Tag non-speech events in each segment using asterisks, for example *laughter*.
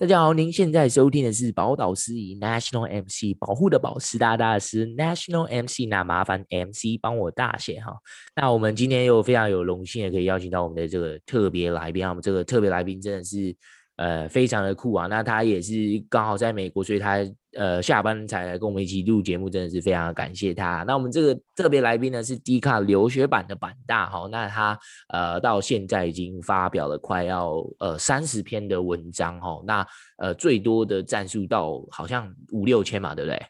大家好，您現在收聽的是寶島司儀 National MC 保護的寶石大大師 National MC，那麻煩 MC 幫我大寫哈。那我們今天又非常有榮幸的可以邀請到我們的這個特別來賓，我們這個特別來賓真的是呃非常的酷啊。那他也是剛好在美國，所以他。呃，下班才來跟我們一起錄節目，真的是非常感謝他。那我們這個特別來賓呢是 Dcard 留學版的版大，哈、哦，那他呃到現在已經發表了快要呃三十篇的文章，哈、哦，那呃最多的讚數到好像五六千嘛，對不對？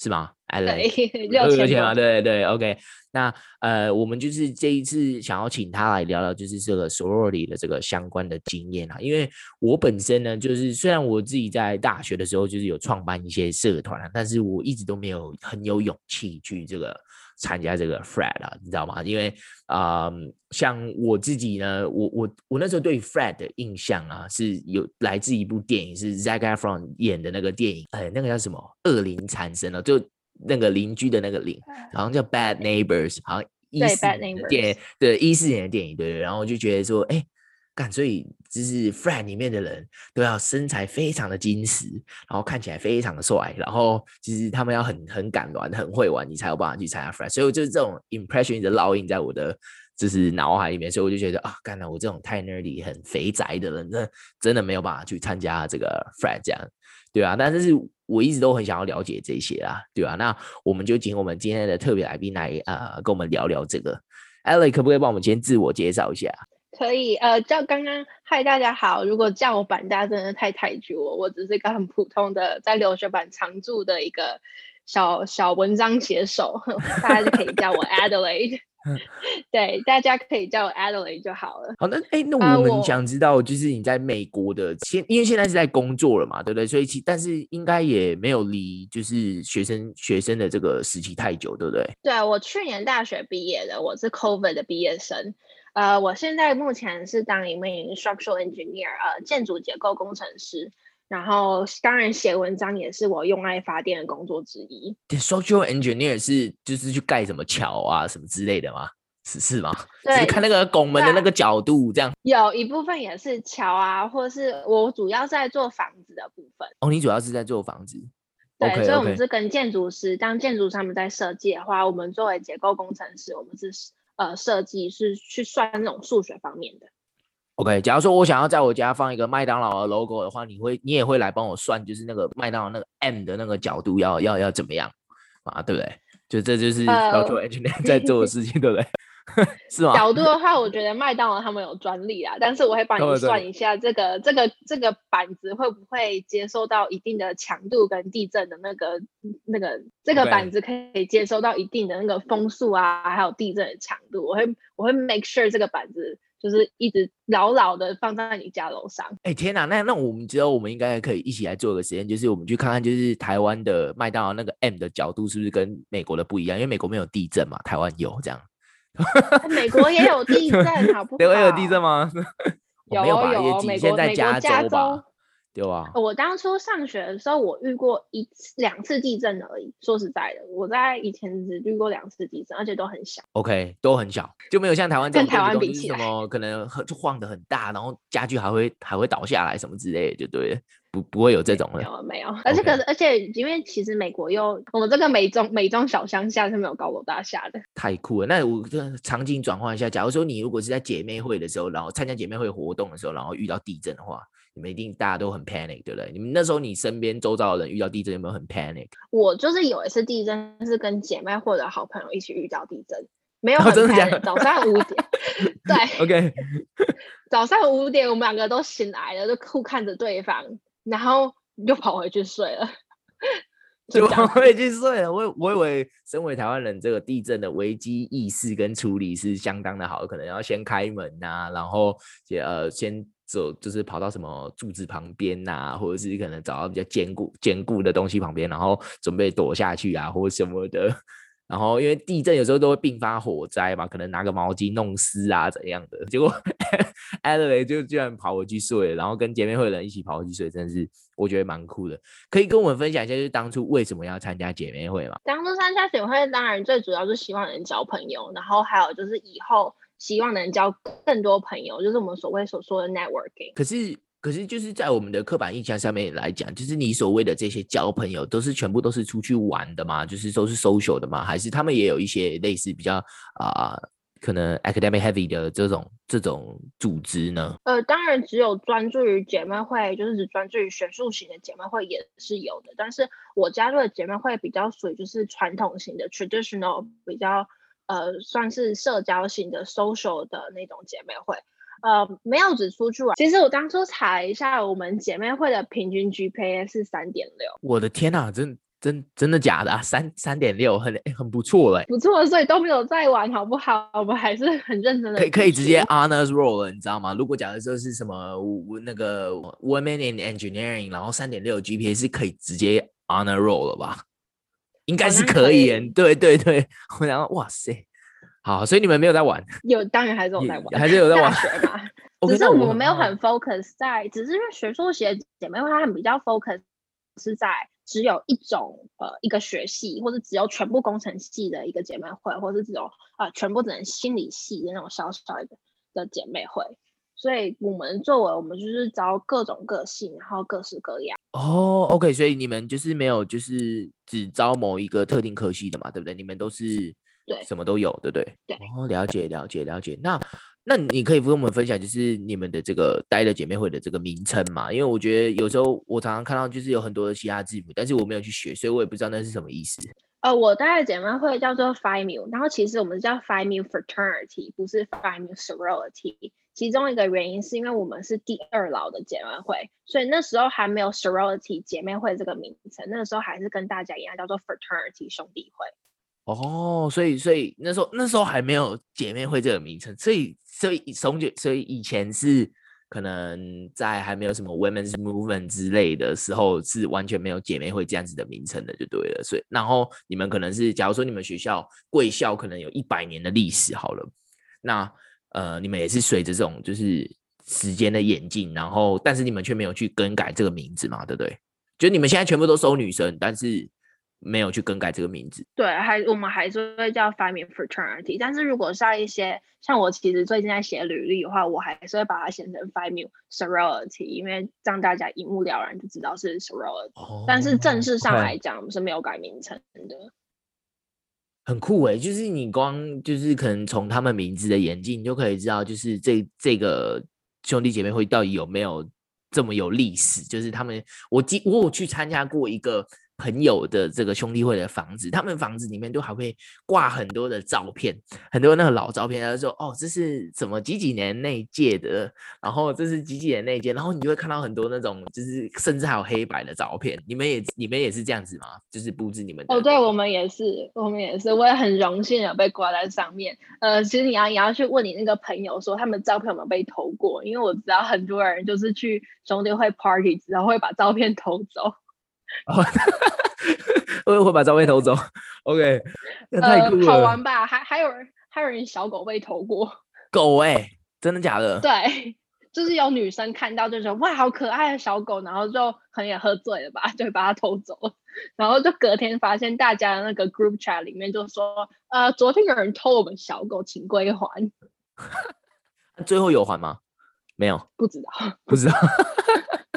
是嗎？Like... *laughs* 對，對，很有錢，對對，OK。那呃，我們就是這一次想要請他來聊聊，就是這個 Sorority 的這個相關的經驗啊。因為我本身呢，就是雖然我自己在大學的時候就是有創辦一些社團，但是我一直都沒有很有勇氣去這個。參加這個 frat 啊，你知道嗎？因為啊、呃，像我自己呢，我我我那時候對 frat 的印象啊，是有來自一部電影，是 Zac Efron 演的那個電影，哎、欸，那個叫什麼？惡靈纏身了，就那個鄰居的那個靈，好像叫 Bad Neighbors，好，對，Bad Neighbors，對，一四年的電影，對對，然後我就覺得說，哎、欸。.所以，就是 friend 裡面的人都要身材非常的精實，然後看起來非常的帥，然後就是他們要很很敢玩，很會玩，你才有辦法去參加 friend。所以，我就是這種 impression 的烙印在我的就是腦海裡面。所以，我就覺得啊，干來我這種太 n e r y 很肥宅的人，真的，真的沒有辦法去參加這個 friend。這樣，對啊。但是我一直都很想要了解這些啊，對啊，那我們就請我們今天的特別來賓來啊、呃，跟我們聊聊這個。艾 l 可不可以幫我們先自我介紹一下？可以，呃，叫剛剛，嗨，大家好。如果叫我版，大家真的太抬舉我。我只是一個很普通的在留學版常駐的一個小小文章寫手。大家就可以叫我 Adelaide。 *laughs* 對， *laughs* 大家可以叫我 Adelaide 就好了。好，那哎、欸，那我們想知道，就是你在美國的現、呃，因為現在是在工作了嘛，對不對？所以，其但是應該也沒有離就是學生學生的這個時期太久，對不對？對，我去年大學畢業的，我是 COVID 的畢業生。呃，我現在目前是當一名 structural engineer，呃，建築結構工程師。然後，當然寫文章也是我用愛發電的工作之一。structural engineer 是就是去蓋什麼橋啊什麼之類的嗎？是是嗎？對，只是看那個拱門的那個角度這樣。有一部分也是橋啊，或是我主要是在做房子的部分。哦，你主要是在做房子。對，okay, 所以我們是跟建築師，okay. 當建築師他們在設計的話，我們作為結構工程師，我們是。呃，設計是去算那種數學方面的。OK，假如說我想要在我家放一個麥當勞的 logo 的話，你會，你也會來幫我算，就是那個麥當勞那個 M 的那個角度要要要怎麼樣啊？對不對？就這就是要做 engineer 在做的事情，oh, 對不對？ *laughs* *laughs* 是角度的話，我覺得麥當勞他們有專利啊， *laughs* 但是我會幫你算一下這個 *laughs* 對對對，這個、這個、這個板子會不會接受到一定的強度跟地震的那個那個，這個板子可以接收到一定的那個風速啊，還有地震的強度，我會我會 make sure 這個板子就是一直牢牢的放在你家樓上。哎、欸，天哪，那那我們只有我們應該可以一起來做個實驗，就是我們去看看，就是台灣的麥當勞那個 M 的角度是不是跟美國的不一樣，因為美國沒有地震嘛，台灣有這樣。 *laughs* 美國也有地震，好不好？ *laughs* 有地震嗎？ *laughs* 有 *laughs* 我沒有吧，有，有，美國在加州吧，美國加州，對吧？我當初上學的時候，我遇過一次兩次地震而已。說實在的，我在以前只遇過兩次地震，而且都很小。OK，都很小，就沒有像台灣這樣。跟台灣比起來，就是、什麼可能很晃得很大，然後家具還會還會倒下來什麼之類的，就對。不，不會有這種了。沒有，沒有。而且，可是，Okay. 而且，因為其實美國又我們這個美中美中小鄉下是沒有高樓大廈的。太酷了！那我，呃，場景轉換一下，假如說你如果是在姐妹會的時候，然後參加姐妹會活動的時候，然後遇到地震的話，你們一定大家都很 panic，對不對？你們那時候你身邊周遭的人遇到地震有沒有很 panic？我就是有一次地震是跟姐妹或者好朋友一起遇到地震，沒有 panic，oh, 真的假的，早上五點， *laughs* *laughs* 對，OK， *laughs* 早上五點我們兩個都醒來了，就互看着對方。然後你就跑回去睡了， *laughs* 就跑回去睡了，我我以為身為台灣人，這個地震的危機意識跟處理是相當的好，可能要先開門啊，然後呃先走，就是跑到什麼柱子旁邊啊，或者是可能找到比較堅固堅固的東西旁邊，然後準備躲下去啊，或什麼的。然後，因為地震有時候都會併發火災嘛，可能拿個毛巾弄濕啊怎樣的，結果 *laughs* Adelaide 就居然跑回去睡，然後跟姐妹會的人一起跑回去睡，真的是我覺得蠻酷的。可以跟我們分享一下，就是當初為什麼要參加姐妹會嘛？當初參加姐妹會，當然最主要是希望能交朋友，然後還有就是以後希望能交更多朋友，就是我們所謂所說的 networking。可是。可是就是在我們的刻板印象上面來講，就是你所謂的這些交朋友都是全部都是出去玩的嘛，就是都是 social 的嘛，還是他們也有一些類似比較啊、呃，可能 academic heavy 的這種這種組織呢？呃，當然只有專注於姐妹會，就是只專注於學術型的姐妹會也是有的，但是我加入的姐妹會比較屬於就是傳統型的 traditional，比較呃算是社交型的 social 的那種姐妹會。呃，沒有只出去玩。其實我當初查了一下，我們姐妹會的平均 GPA 是三點六。我的天吶、啊，真真真的假的啊？三三點六很很不錯了，不錯。所以都沒有再玩，好不好？我們還是很認真的。可以可以直接 honor roll 了，你知道嗎？如果假如說是什麼那個 women in engineering，然後三點六 GPA 是可以直接 honor roll 了吧？應該是可以，耶、哦可以。對對對，我想哇塞。好，所以你們沒有在玩？有，當然還是有在玩，還是有在玩。 *laughs* okay, 只是我們沒有很 focus 在， *laughs* 只是因為學術系姐妹會，它很比較 focus 是在只有一種呃一個學系，或者只有全部工程系的一個姐妹會，或者是只有啊、呃、全部只能心理系的那種小小的的姐妹會。所以我們作為我們就是招各種個性，然後各式各樣。哦、oh,OK，所以你們就是沒有就是只招某一個特定科系的嘛，對不對？你們都是。對，什麼都有，對不對？對哦，了解，了解，了解。那那你可以跟我們分享，就是你們的這個待的姐妹會的這個名稱嘛？因為我覺得有時候我常常看到就是有很多的希臘字母，但是我沒有去學，所以我也不知道那是什麼意思。呃、哦，我待的姐妹會叫做 Phi Mu，然後其實我們是叫 Phi Mu Fraternity，不是 Phi Mu Sorority。其中一個原因是因為我們是第二老的姐妹會，所以那時候還沒有 Sorority 姐妹會這個名稱，那個時候還是跟大家一樣叫做 Fraternity 兄弟會。哦、oh,，所以所以那時候那時候還沒有姐妹會這個名稱，所以所以從就所以以前是可能在還沒有什麼 women's movement 之類的時候，是完全沒有姐妹會這樣子的名稱的，就對了。所以然後你們可能是，假如說你們學校貴校可能有一百年的歷史，好了，那呃你們也是隨着這種就是時間的演進，然後但是你們卻沒有去更改這個名字嘛，對不對？就你們現在全部都收女生，但是。沒有去更改這個名字，對，還我們還是會叫 Phi Mu Fraternity。但是如果像一些像我其實最近在寫履歷的話，我還是會把它寫成 Phi Mu Sorority，因為讓大家一目了然就知道是 Sorority，oh。但是正式上來講，我、okay. 們是沒有改名稱的。很酷誒、欸，就是你光就是可能從他們名字的演進，你就可以知道，就是這這個兄弟姐妹會到底有沒有這麼有歷史。就是他們，我記我我有去參加過一個。朋友的這個兄弟會的房子，他們房子裡面都還會掛很多的照片，很多那個老照片，他說：“哦，這是什麼幾幾年那屆的，然後這是幾幾年那屆，然後你就會看到很多那種，就是甚至還有黑白的照片。你們也，你們也是這樣子嗎？就是布置你們的？哦，對，我們也是，我們也是，我也很榮幸有被掛在上面。呃，其實你要你要去問你那個朋友說，他們照片有沒有被偷過？因為我知道很多人就是去兄弟會 party 然後會把照片偷走。”會 *laughs* *laughs* *laughs* 會把照片偷走 *laughs* ，OK？呃、好玩吧？還還有人還有人小狗被偷過？狗哎、欸，真的假的？對，就是有女生看到就說哇，好可愛的小狗，然後就很也喝醉了吧，就把它偷走，然後就隔天發現大家的那個 group chat 裡面就說，呃，昨天有人偷我們小狗，請歸還。 *laughs* *laughs* 最後有還嗎？沒有，不知道，不知道。 *laughs* *laughs*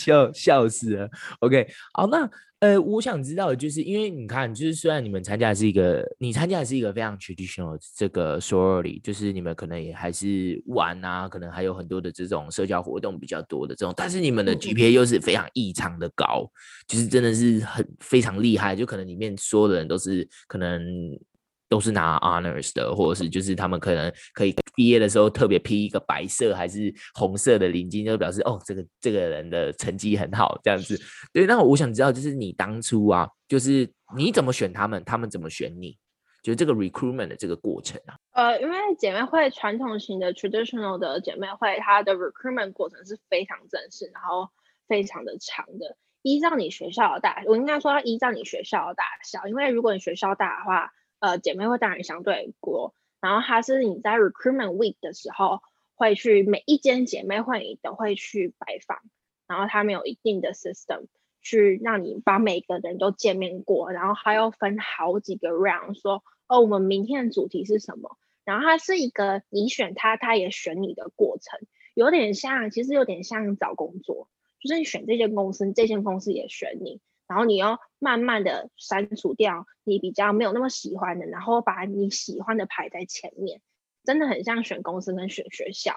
笑笑死了，OK，好，oh，那呃，我想知道的就是，因為你看，就是雖然你們參加的是一個，你參加的是一個非常 traditional 這個 sorority，就是你們可能也還是玩啊，可能還有很多的這種社交活動比較多的這種，但是你們的 GPA 又是非常異常的高，就是真的是很非常厲害，就可能裡面所有的人都是可能。都是拿 honors 的，或者是就是他們可能可以畢業的時候特別披一個白色還是紅色的領巾，就表示哦這個這個人的成績很好這樣子。對，那我想知道就是你當初啊，就是你怎麼選他們，他們怎麼選你？就是這個 recruitment 的這個過程啊。呃，因為姐妹會傳統型的 traditional 的姐妹會，它的 recruitment 過程是非常正式，然後非常的長的。依照你學校的大，我應該說要依照你學校的大小，因為如果你學校大的話。呃，姐妹會當然相對多，然後它是你在 recruitment week 的時候會去每一間姐妹會你都會去拜訪，然後他們有一定的 system 去讓你把每個人都見面過，然後還要分好幾個 round，說哦，我們明天的主題是什麼？然後它是一個你選它，它也選你的過程，有點像，其實有點像找工作，就是你選這間公司，這間公司也選你。然後你要慢慢的刪除掉你比較沒有那麼喜歡的，然後把你喜歡的排在前面，真的很像選公司跟選學校，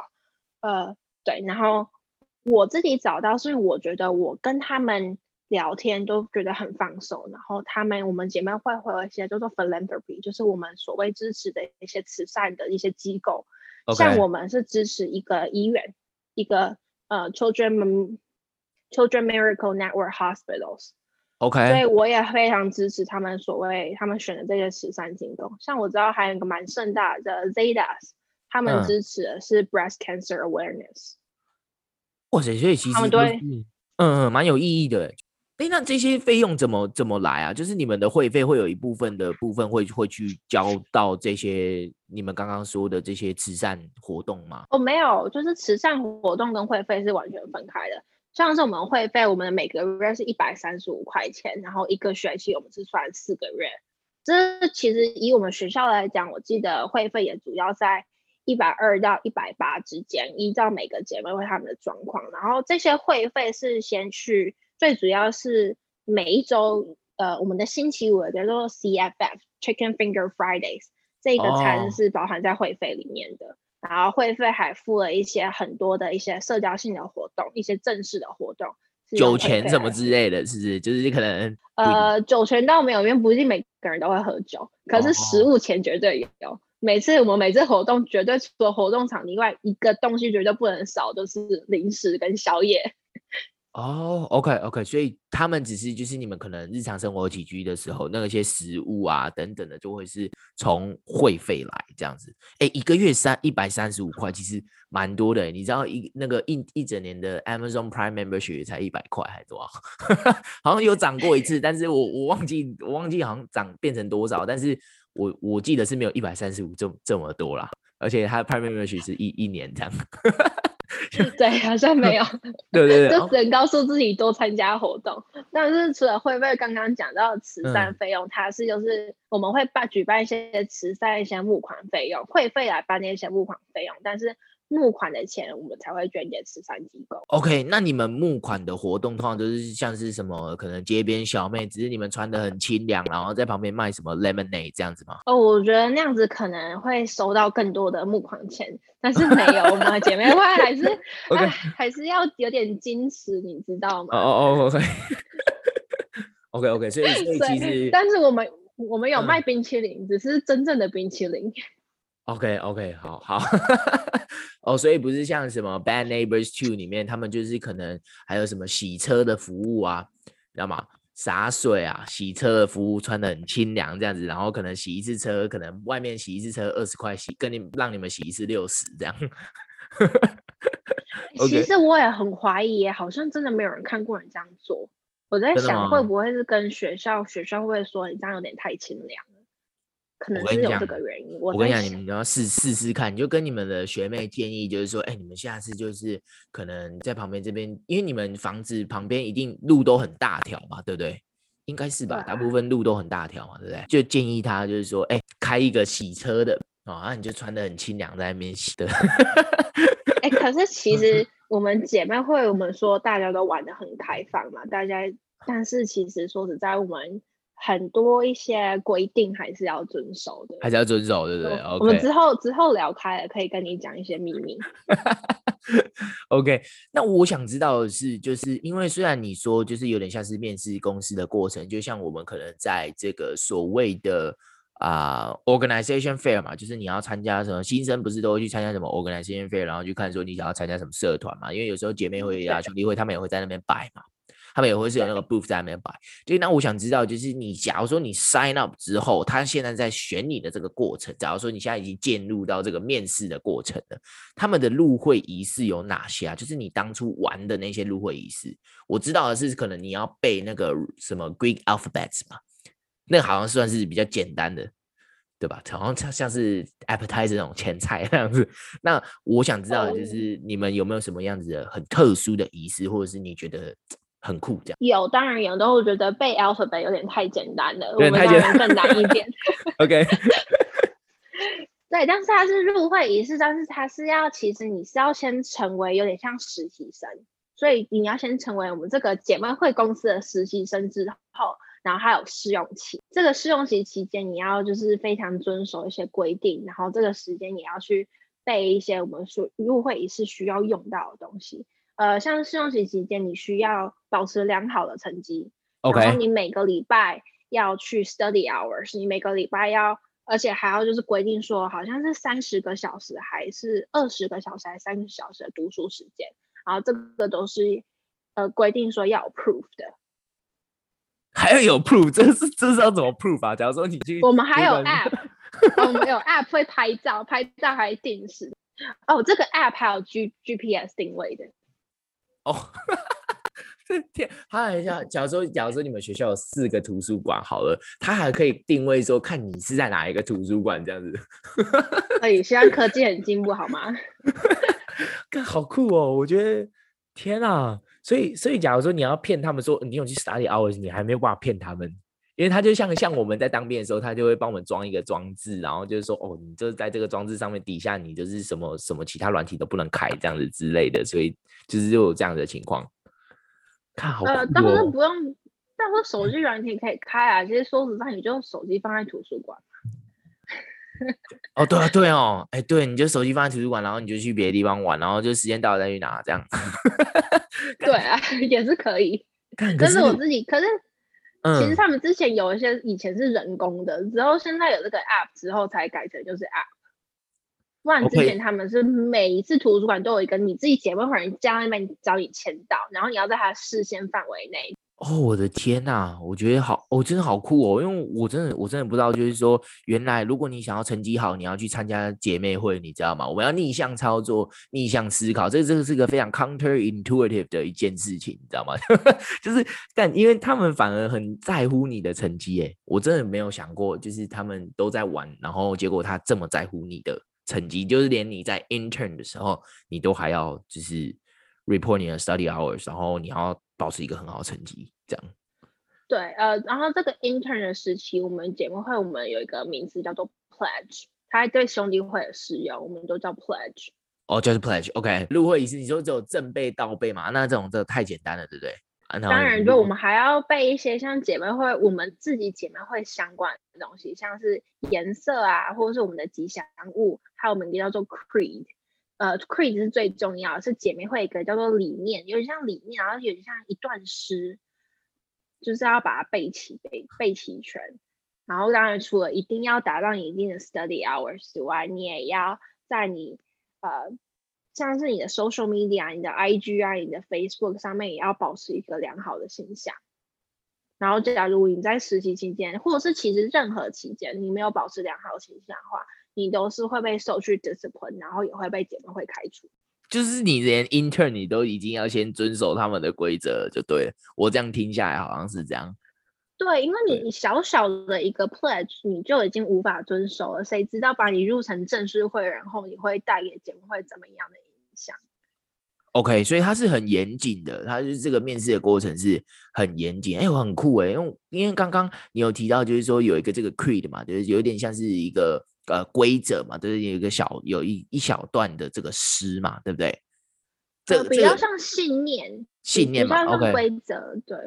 呃，對。然後我自己找到，所以我覺得我跟他們聊天都覺得很放鬆。然後他們我們姐妹會會有一些叫做 philanthropy，就是我們所謂支持的一些慈善的一些機構，okay。像我們是支持一個醫院，一個呃 Children，Children Children Miracle Network Hospitals。Okay，所以我也非常支持他們所謂他們選的這些慈善行動，像我知道還有一個蠻盛大的 Zetas 他們支持的是 Breast Cancer Awareness。嗯、哇塞，所以其實、就是嗯、對，嗯嗯，蠻有意義的。哎，那這些費用怎麼怎麼來啊？就是你們的會費會有一部分的部分會會去交到這些你們剛剛說的這些慈善活動嗎？哦，沒有，就是慈善活動跟會費是完全分開的。像是我們會費，我們每個月是一百三十五塊錢，然後一個學期我們是算四個月。這其實以我們學校來講，我記得會費也主要在一百二到一百八之間，依照每個姐妹會他們的狀況。然後這些會費是先去，最主要是每一周，呃，我們的星期五叫做 CFF Chicken Finger Fridays，這個餐是包含在會費裡面的。Oh. 然後會費還付了一些很多的一些社交性的活動，一些正式的活動，酒錢什麼之類的，是不是？就是可能呃，酒錢倒沒有，因為不一定每個人都會喝酒。可是食物錢絕對有，oh. 每次我們每次活動絕對除了活動場以外，一個東西絕對不能少，就是零食跟宵夜。哦，OK OK，所以他們只是就是你們可能日常生活起居的時候，那些食物啊等等的，就會是從會費來這樣子。欸，一個月三一百三十五塊，其實蠻多的欸。你知道一那個一一整年的 Amazon Prime Membership 才一百塊還多少，哈哈，好像有漲過一次，但是我我忘記我忘記好像漲變成多少，但是我我記得是沒有一百三十五這麼這麼多啦。而且它的 Prime Membership 是一一年這樣。 *laughs* *laughs* 對，好像沒有。嗯、對對對， *laughs* 就只能告訴自己多參加活動。哦、但是除了會費剛剛講到的慈善費用、嗯，它是就是我們會辦舉辦一些慈善一些募款費用，會費來辦一些募款費用，但是。募款的錢，我們才會捐給慈善機構。OK，那你們募款的活動通常都是像是什麼？可能街邊小妹，只是你們穿得很清涼，然後在旁邊賣什麼 lemonade 這樣子嗎？哦，我覺得那樣子可能會收到更多的募款錢，但是沒有我們的 *laughs* 姐妹會還是、okay.，還是要有點矜持，你知道嗎？哦哦哦，OK，OK，所以這其實，但是我們我們有賣冰淇淋、嗯，只是真正的冰淇淋。OK OK 好好， *laughs* 哦，所以不是像什麼 Bad Neighbors Two 裡面，他們就是可能還有什麼洗車的服務啊，你知道嗎？灑水啊，洗車的服務穿的很清涼這樣子，然後可能洗一次車，可能外面洗一次車二十塊洗，跟你讓你們洗一次六十這樣。 *laughs* okay. 其實我也很懷疑，好像真的沒有人看過你這樣做。我在想，會不會是跟學校？學校會不會說你這樣有點太清涼？我跟你講，我跟你講，你們要試試試看，你就跟你們的學妹建議，就是說，哎、欸，你們下次就是可能在旁邊這邊，因為你們房子旁邊一定路都很大條嘛，對不對？應該是吧、啊，大部分路都很大條嘛，對不對？就建議他，就是說，哎、欸，開一個洗車的、哦、然後那你就穿的很清涼，在那邊洗的。哎、 *laughs* 欸，可是其實我們姐妹會，我們說大家都玩的很開放嘛，大家，但是其實說實在，我們。很多一些規定還是要遵守的，還是要遵守，對不對？我們之後、okay. 之後聊開了，可以跟你講一些秘密。 *laughs* OK，那我想知道的是，就是因為雖然你說就是有點像是面試公司的過程，就像我們可能在這個所謂的啊、呃、organization fair 嘛，就是你要參加什麼新生不是都會去參加什麼 organization fair，然後去看說你想要參加什麼社團嘛，因為有時候姐妹會啊兄弟會他們也會在那邊擺嘛。他們也會是有那個 booth 在裡面擺，所以那我想知道，就是你假如說你 sign up 之後，他現在在選你的這個過程，假如說你現在已經進入到這個面試的過程了，他們的入會儀式有哪些啊？就是你當初玩的那些入會儀式，我知道的是可能你要背那個什麼 Greek alphabets 嘛，那個好像算是比較簡單的，對吧？好像像是 appetizer 那種前菜那樣子。那我想知道的就是你們有沒有什麼樣子的很特殊的儀式，或者是你覺得？很酷，這樣。有，當然有，都我覺得背 alphabet 有點太簡單了，簡單我們更難一點。 *laughs* OK， *laughs* 對，但是它是入會儀式，但是它是要，其實你是要先成為有點像實習生，所以你要先成為我們這個姐妹會公司的實習生之後，然後還有試用期。這個試用期期間，你要就是非常遵守一些規定，然後這個時間也要去背一些我們說入會儀式需要用到的東西。呃，像試用期期間，你需要保持良好的成績。OK，然後你每個禮拜要去 study hours，你每個禮拜要，而且還要就是規定說，好像是三十個小時，還是二十個小時，還是三十小時的讀書時間。然後這個都是呃規定說要有 proof 的，還要有 proof，這是這是要怎麼 proof 啊？假如說你去，我們還有 app， *laughs* 哦、我們有 app 會拍照，拍照還定時。哦，這個 app 還有 G G P S 定位的。哦，哈哈天！他還想，假如說，假如說你們學校有四個圖書館好了，他還可以定位說看你是在哪一個圖書館這樣子。可 *laughs* 以，希望科技很進步，好嗎？哈， *laughs* *laughs* 好酷哦！我覺得天啊，所以，所以假如說你要騙他們說你有去 study hours，你還沒辦法騙他們。因為他就像，像我們在當兵的時候，他就會幫我們裝一個裝置，然後就是說，哦，你就是在這個裝置上面底下，你就是什麼什麼其他軟體都不能開這樣子之類的，所以就是就有這樣的情況。看好、哦、呃，但是不用，但是手機軟體可以開啊。其、就、實、是、說實在，你就手機放在圖書館。 *laughs* 哦，對啊，對哦，哎，對，你就手機放在圖書館，然後你就去別的地方玩，然後就時間到了再去拿這樣。 *laughs* 對啊，也是可以，可是，可是我自己可是。其實他們之前有一些以前是人工的，嗯，之後現在有這個 app 之後才改成就是 app，不然之前他們是每一次圖書館都有一個你自己結完會人家那邊找你簽到，然後你要在他的視線範圍內。哦，我的天吶、啊！我覺得好，我、哦、真的好酷哦，因為我真的，我真的不知道，就是說，原來如果你想要成績好，你要去參加姐妹會，你知道嗎？我們要逆向操作，逆向思考，這真的是個非常 counterintuitive 的一件事情，你知道嗎？ *laughs* 就是，但因為他們反而很在乎你的成績誒，我真的沒有想過，就是他們都在玩，然後結果他這麼在乎你的成績，就是連你在 intern 的時候，你都還要就是 report 你的 study hours，然後你要。保持一個很好的成績，這樣。對，呃，然後這個 intern 的時期，我們姐妹會我們有一個名字叫做 pledge，它對兄弟會使用我們都叫 pledge。哦，就是 pledge，OK、okay。入會儀式，你說只有正背倒背嘛？那這種這太簡單了，對不對？當然，就我們還要背一些像姐妹會我們自己姐妹會相關的東西，像是顏色啊，或者是我們的吉祥物，還有我們叫做 creed。呃 Creed 是最重要，是姐妹會一個叫做理念，有點像理念，然後有點像一段詩，就是要把它背齊背背齊全。然後當然除了一定要達到一定的 study hours 之外，你也要在你呃，像是你的 social media、你的 IG 啊、你的 Facebook 上面也要保持一個良好的形象。然後，假如你在實習期間，或者是其實任何期間，你沒有保持良好的形象的話，你都是會被授去 discipline，然後也會被姐妹會開除。就是你連 intern 你都已經要先遵守他們的規則了就對了。我這樣聽下來好像是這樣。對，因為你小小的一個 pledge，你就已經無法遵守了。誰知道把你入成正式會，然後你會帶給姐妹會怎麼樣的影響？OK，所以他是很嚴謹的，他就是這個面試的過程是很嚴謹。哎，我很酷哎、欸，因為因為剛剛你有提到就是說有一個這個 creed 嘛，就是有點像是一個。呃，規則嘛，就是有一個小有一一小段的這個詩嘛，對不對？這個比，比較像信念，信念嘛比較像規則，okay。對。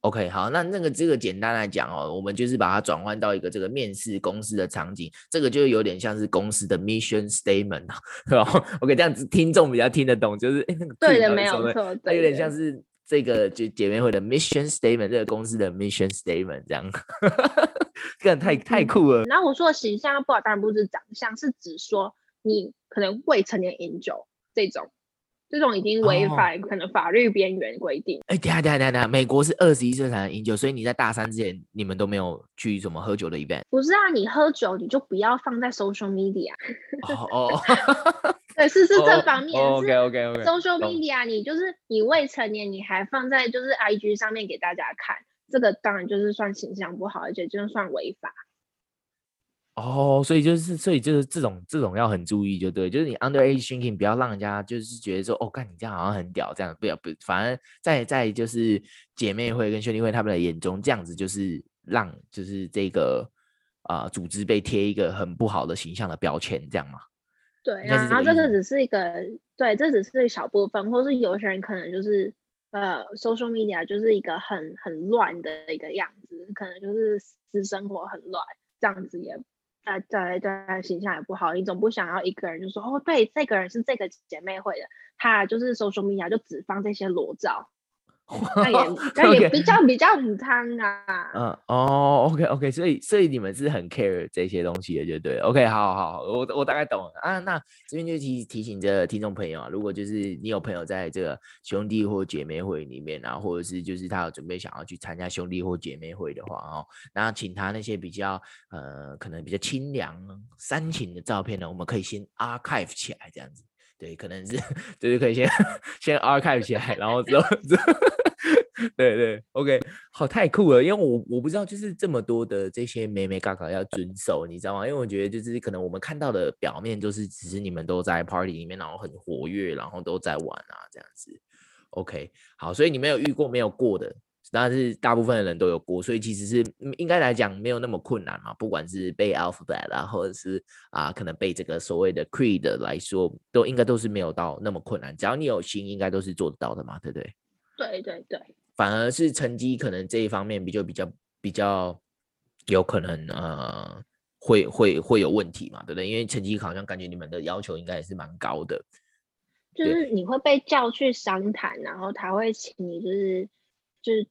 OK，好，那那個這個簡單來講哦，我們就是把它轉換到一個這個面試公司的場景，這個就有點像是公司的 mission statement 啊、哦，對 *laughs* o、okay, k 這樣子聽眾比較聽得懂，就是對的沒有錯，對。對有點像是。這個就姐妹會的 mission statement，這個公司的 mission statement，這樣，個人太太酷了，嗯。然後我說的形象不好，當然不是長相，是指說你可能未成年飲酒這種，這種已經違反可能法律邊緣規定。哎、欸，等下等下等下，美國是二十一歲才能飲酒，所以你在大三之前，你們都沒有去什麼喝酒的 event。不是啊，你喝酒你就不要放在 social media。 *laughs* 哦。哦哦 *laughs* 對，是是這方面。Oh, media, OK OK OK。Social media，你就是你未成年，你還放在就是 IG 上面給大家看，這個當然就是算形象不好，而且就是算違法。哦、oh，所以就是，所以就是這種這種要很注意，就對，就是你 Underage drinking 不要讓人家就是覺得說，oh，哦，看你這樣好像很屌這樣，不要不，反而在在就是姐妹會跟兄弟會他們的眼中，這樣子就是讓就是這個啊、呃、組織被貼一個很不好的形象的標籤，這樣嘛。對、啊，然後這個只是一個，對，這只是一個小部分，或是有些人可能就是，呃，social media 就是一個很很亂的一個樣子，可能就是私生活很亂，這樣子也，啊、呃，對對，對，形象也不好，你總不想要一個人就說，哦，對，這個人是這個姐妹會的，他就是 social media 就只放這些裸照。那也那 *laughs* 也比較、okay. 比較午餐啊，嗯哦，OK OK，所以所以你們是很 care 這些東西的，對不對？OK，好好好，我我大概懂了啊。那這邊就提提醒這聽眾朋友啊，如果就是你有朋友在這個兄弟或姐妹會裡面，啊，或者是就是他有準備想要去參加兄弟或姐妹會的話哦，那請他那些比較呃可能比較清涼煽情的照片呢，我們可以先 archive 起來這樣子。對，可能是就是可以先先 archive 起來，然後之後， *laughs* *laughs* 對對，OK，好，太酷了，因為我我不知道，就是這麼多的這些眉眉角角要遵守，你知道嗎？因為我覺得就是可能我們看到的表面就是只是你們都在 party 裡面，然後很活躍，然後都在玩啊這樣子，OK，好，所以你沒有遇過沒有過的。但是大部分的人都有過，所以其實是應該來講沒有那麼困難嘛。不管是背 alphabet 啊，或者是啊、呃，可能背這個所謂的 creed 來說，都應該都是沒有到那麼困難。只要你有心，應該都是做得到的嘛，對不對？對對對。反而是成績可能這一方面比較比較比較有可能呃，會會會有問題嘛，對不對？因為成績好像感覺你們的要求應該也是蠻高的。就是你會被叫去商談，然後他會請你就是。就是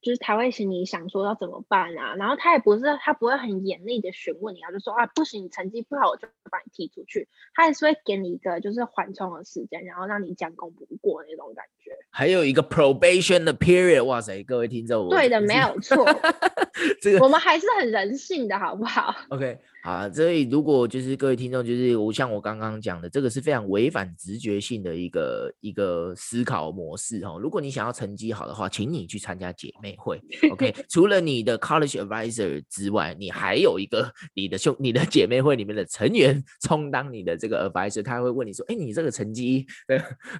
就是他會心裡想說要怎麼辦啊？然後他也不是，他不會很嚴厲的詢問你啊，他就說啊，不行，你成績不好，我就把你踢出去。他還是會給你一個就是緩衝的時間，然後讓你將功補過那種感覺。還有一個 probation 的 period，哇塞，各位聽眾，對的，沒有錯， *laughs* *laughs* *laughs* 我們還是很人性的好不好？OK。好、啊，所以如果就是各位聽眾，就是我像我剛剛講的，這個是非常違反直覺性的一個一個思考模式哦。如果你想要成績好的話，請你去參加姐妹會，OK。 *laughs* 除了你的 college advisor 之外，你還有一個你的兄、你的姐妹會裡面的成員充當你的這個 advisor，他還會問你說：“哎，你這個成績，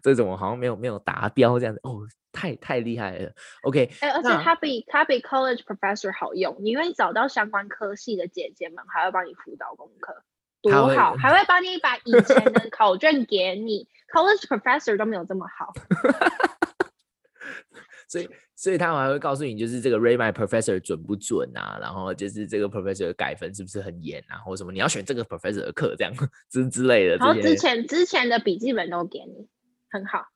這怎麼好像沒有沒有達標這樣子？”哦，太太厲害了，OK、欸。哎，而且他比他比 college professor 好用，你願意找到相關科系的姐姐們，還要幫你。輔導功課多好，會還會幫你把以前的考卷給你，College *laughs* professor 都沒有這麼好。 *laughs* *laughs* 所以，所以他還會告訴你，就是這個 Rate My professor 準不準啊？然後就是這個 professor 的改分是不是很嚴啊？或什麼你要選這個 professor 的課，這樣之之類的。然後之前之前的筆記本都給你，很好。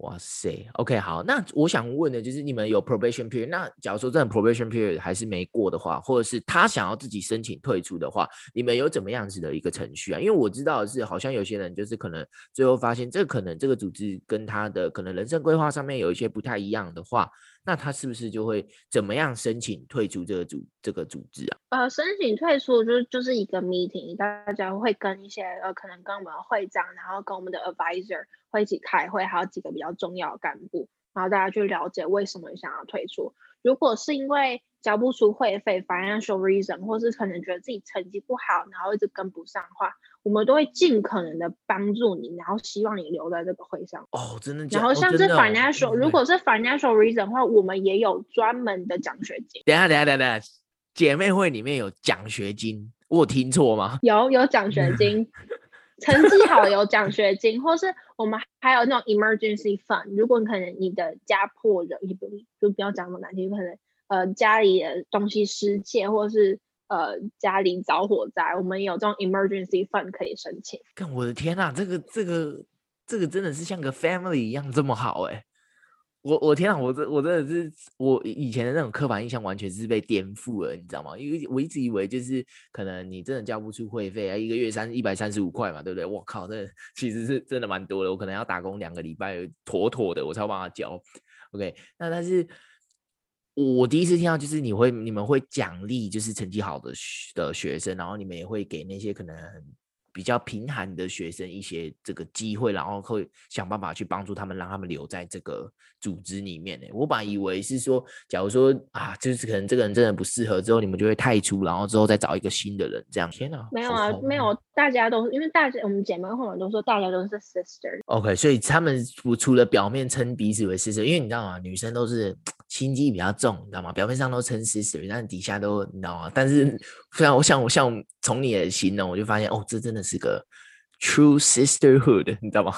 哇塞，OK，好，那我想問的就是，你們有 probation period，那假如說這種 probation period 還是沒過的話，或者是他想要自己申請退出的話，你們有怎麼樣子的一個程序？啊？因為我知道的是，好像有些人就是可能最後發現，這可能這個組織跟他的可能人生規劃上面有一些不太一樣的話。那他是不是就會怎麼樣申請退出這個組這個組織啊？呃，申請退出就是就是一個 meeting，大家會跟一些呃，可能跟我們的會長，然後跟我們的 advisor 會一起開會，還有幾個比較重要的幹部，然後大家去了解為什麼想要退出。如果是因為交不出會費 （financial reason），或是可能覺得自己成績不好，然後一直跟不上的話，我們都會盡可能的幫助你，然後希望你留在這個會上哦，oh, 真的。然後像是 financial，oh, 如果是 financial reason 的話，嗯，我們也有專門的獎學金。等下等下等下，姐妹會裡面有獎學金？我有聽錯嗎？有有獎學金， *laughs* 成績好有獎學金，或是我們還有那種 emergency fund。如果可能你的家破人不，就不要講那麼難聽，可能呃家裡的東西失竊，或是。呃，家裡遭火災，我們有這種 emergency fund 可以申請。看我的天吶、啊，這個、這個、這個真的是像個 family 一樣這麼好哎、欸！我、我天啊，我這、我真的是我以前的那種刻板印象完全是被顛覆了，你知道嗎？因為我一直以為就是可能你真的交不出會費啊，一個月三一百三十五塊嘛，對不對？我靠，那其實是真的蠻多的，我可能要打工兩個禮拜，妥妥的我才幫他交。OK，那但是。我第一次聽到，就是你會、你們會獎勵，就是成績好的學的學生，然後你們也會給那些可能比較貧寒的學生一些這個機會，然後會想辦法去幫助他們，讓他們留在這個組織裡面。我本來以為是說，假如說啊，就是可能這個人真的不適合，之後你們就會汰出，然後之後再找一個新的人這樣。天哪，沒有啊，沒有。大家都是，因為大家我們姐妹會面都說大家都是 sister，OK，okay，所以他們除除了表面稱彼此為 sister，因為你知道嗎？女生都是心機比較重，你知道嗎？表面上都稱 sister，但是底下都你知道嗎？但是，雖然我像我像從你的形容，我就發現哦，這真的是個。True sisterhood，你知道嗎？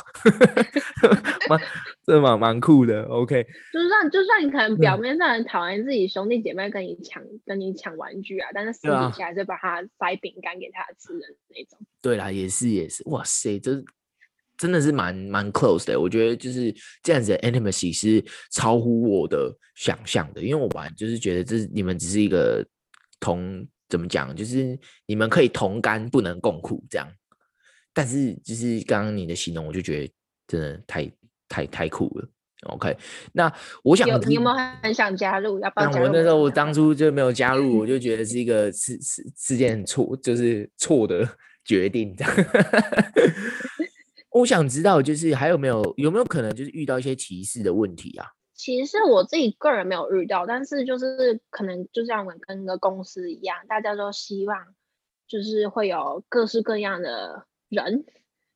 蠻這蠻蠻酷的。OK，就算就算你可能表面上很討厭 *laughs* 自己兄弟姐妹跟你搶跟你搶玩具啊，但是私底下是把他塞餅乾給他吃的那種。對啦、啊啊，也是也是。哇塞，真真的是蠻蠻 close 的。我覺得就是這樣子的 intimacy 是超乎我的想象的，因為我本來就是覺得這是你們只是一個同怎麼講，就是你們可以同甘，不能共苦這樣。但是就是剛剛你的形容，我就覺得真的太、太、太酷了。OK，那我想，有你有沒有很想加入？要不要？那我那時候我當初就沒有加入，嗯、我就覺得是一個是是是件錯，就是錯的決定。 *laughs* 我想知道，就是還有沒有有沒有可能，就是遇到一些歧視的問題啊？其實我自己個人沒有遇到，但是就是可能就像我們跟一個公司一樣，大家都希望就是會有各式各樣的。人，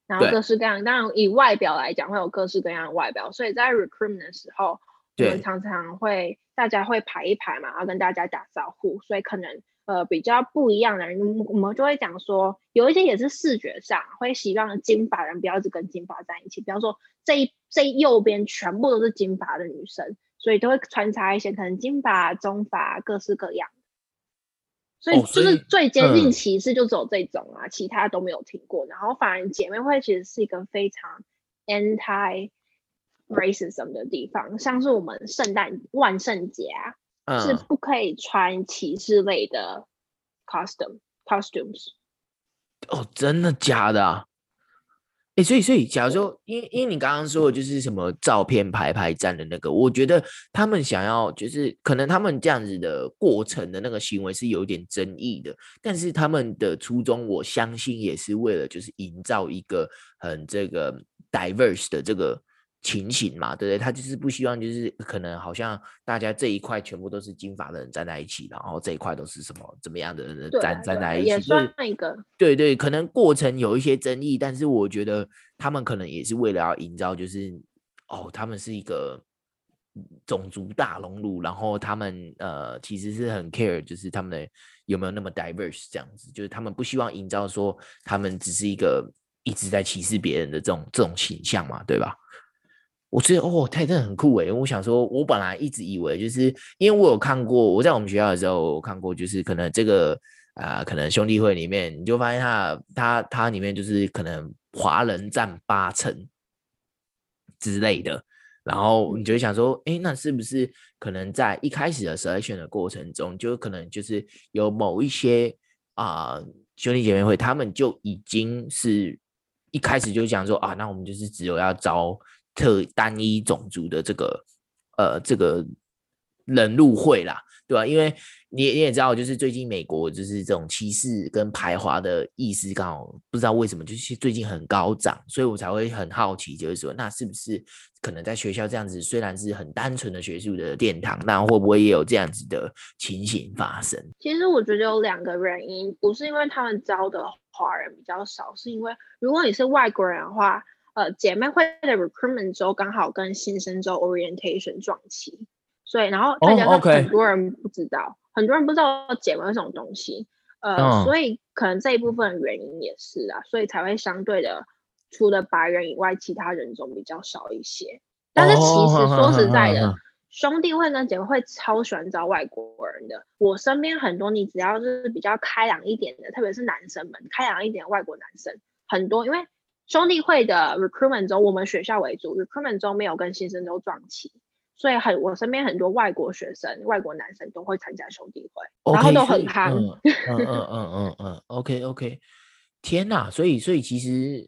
然後各式各樣。當然，以外表來講，會有各式各樣的外表。所以在 recruitment 的時候，我們常常會大家會排一排嘛，然後跟大家打招呼。所以可能呃比較不一樣的人，我們就會講說，有一些也是視覺上會希望金髮人不要只跟金髮在一起。比方說，這一這一右邊全部都是金髮的女生，所以都會穿插一些可能金髮、棕髮各式各樣。所以就是最接近歧視，就只有這種啊、哦嗯，其他都沒有聽過。然後反而姐妹會其實是一個非常 anti racism 的地方，像是我們聖誕、萬聖節啊、嗯，是不可以穿歧視類的 costume costumes。哦，真的假的、啊？誒，所以所以，假如說，因為因為你剛剛說的就是什麼照片排排站的那個，我覺得他們想要就是可能他們這樣子的過程的那個行為是有點爭議的，但是他們的初衷，我相信也是為了就是營造一個很這個 diverse 的這個。情形嘛，對不對？他就是不希望，就是可能好像大家這一塊全部都是金髮的人站在一起，然後這一塊都是什麼怎麼樣的人站、啊、站在一起，對對、那個、對，對，可能過程有一些爭議，但是我覺得他們可能也是為了要營造，就是哦，他們是一個種族大熔爐，然後他們呃其實是很 care，就是他們的有沒有那麼 diverse 這樣子，就是他們不希望營造說他們只是一個一直在歧視別人的這種這種形象嘛，對吧？我覺得哦，他真的很酷耶，我想說，我本來一直以為，就是因為我有看過，我在我們學校的時候看過，就是可能這個啊、呃，可能兄弟會裡面你就發現他他他裡面就是可能華人占八成之類的，然後你就想說，哎、欸，那是不是可能在一開始的篩選的過程中，就可能就是有某一些啊、呃、兄弟姐妹會，他們就已經是一開始就想說啊，那我們就是只有要招。特單一種族的這個，呃，這個人入會啦，對吧？因為你也你也知道，就是最近美國就是這種歧視跟排華的意思，剛好不知道為什麼，就是最近很高漲，所以我才會很好奇，就是說，那是不是可能在學校這樣子，雖然是很單純的學術的殿堂，那會不會也有這樣子的情形發生？其實我覺得有兩個原因，不是因為他們招的華人比較少，是因為如果你是外國人的話。呃，姐妹會的 recruitment 週剛好跟新生周 orientation 撞期，所以然後再加上很多人不知道，oh, okay. 很多人不知道姐妹這種東西，呃，oh. 所以可能這一部分原因也是啊，所以才會相對的，除了白人以外，其他人種比較少一些。但是其實說實在的，oh, 兄弟會呢，姐妹會超喜歡招外國人的，oh. 嗯。我身邊很多，你只要就是比較開朗一點的，特別是男生們，開朗一點的外國男生很多，因為。兄弟會的 recruitment 中，我們學校為主 recruitment 中沒有跟新生都撞期，所以很我身邊很多外國學生、外國男生都會參加兄弟會，okay, 然後都很胖。嗯 *laughs* 嗯嗯嗯,嗯,嗯,嗯 OK OK，天哪！所以所以其實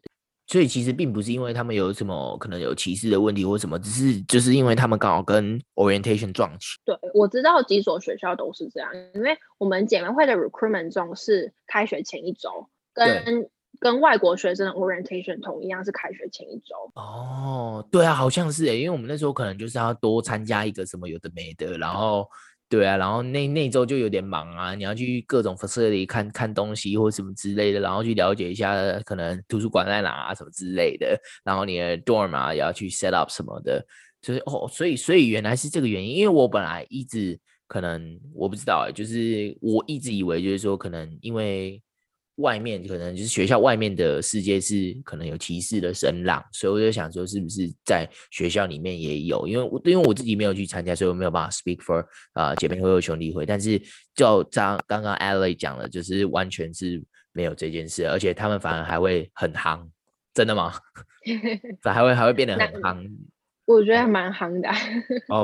所以其實並不是因為他們有什麼可能有歧視的問題或什麼，只是就是因為他們剛好跟 orientation 撞期，對，我知道幾所學校都是這樣，因為我們姐妹會的 recruitment 中是開學前一周跟。跟外國學生的 orientation 同一樣是開學前一週哦，對啊，好像是誒、欸，因為我們那時候可能就是要多參加一個什麼有的沒的，然後、嗯、對啊，然後那那周就有點忙啊，你要去各種 facility 看，看看東西或什麼之類的，然後去了解一下可能圖書館在哪啊什麼之類的，然後你的 dorm 啊也要去 set up 什麼的，就是哦，所以所以原來是這個原因，因為我本來一直可能我不知道誒、欸，就是我一直以為就是說可能因為。外面可能就是學校外面的世界是可能有歧視的聲浪，所以我就想說是不是在學校裡面也有？因為我因為我自己沒有去參加，所以我沒有辦法 speak for 啊、呃、姐妹會和兄弟會。但是就張剛剛 Allie 講了，就是完全是沒有這件事，而且他們反而還會很夯，真的嗎？咋 *laughs* 還會還會變得很夯。我覺得還蠻夯的、啊。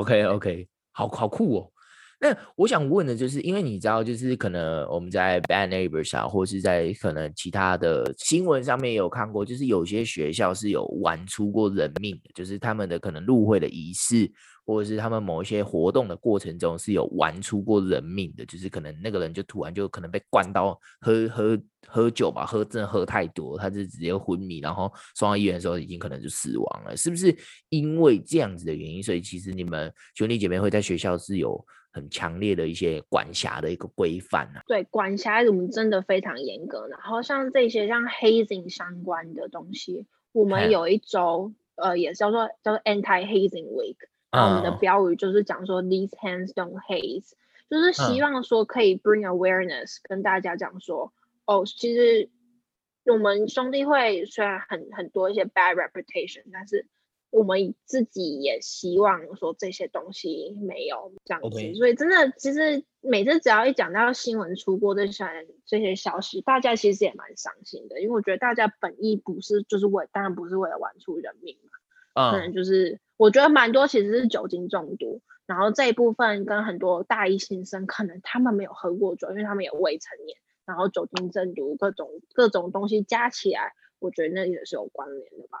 *laughs* OK OK，好好酷哦。那我想問的，就是因為你知道，就是可能我們在 Bad Neighbors 啊，或是在可能其他的新聞上面有看過，就是有些學校是有玩出過人命的，就是他們的可能入會的儀式，或者是他們某一些活動的過程中是有玩出過人命的，就是可能那個人就突然就可能被灌到喝喝喝酒吧，喝真的喝太多，他就直接昏迷，然後送到醫院的時候已經可能就死亡了，是不是因為這樣子的原因，所以其實你們兄弟姐妹會在學校是有。很強烈的一些管轄的一個規範啊，對，管轄我們真的非常嚴格。然後像這些像 hazing 相關的東西，我們有一周，okay. 呃，也叫做叫做 anti hazing week。我們的標語就是講說，oh. These hands don't haze，就是希望說可以 bring awareness，oh. 跟大家講說，哦，其實我們兄弟會雖然很很多一些 bad reputation，但是。我們自己也希望說這些東西沒有這樣子，okay. 所以真的，其實每次只要一講到新聞出過這些這些消息，大家其實也蠻傷心的，因為我覺得大家本意不是，就是為當然不是為了玩出人命嘛，嗯、uh.，可能就是我覺得蠻多其實是酒精中毒，然後這一部分跟很多大一新生可能他們沒有喝過酒，因為他們也未成年，然後酒精中毒各種各種東西加起來，我覺得那也是有關聯的吧。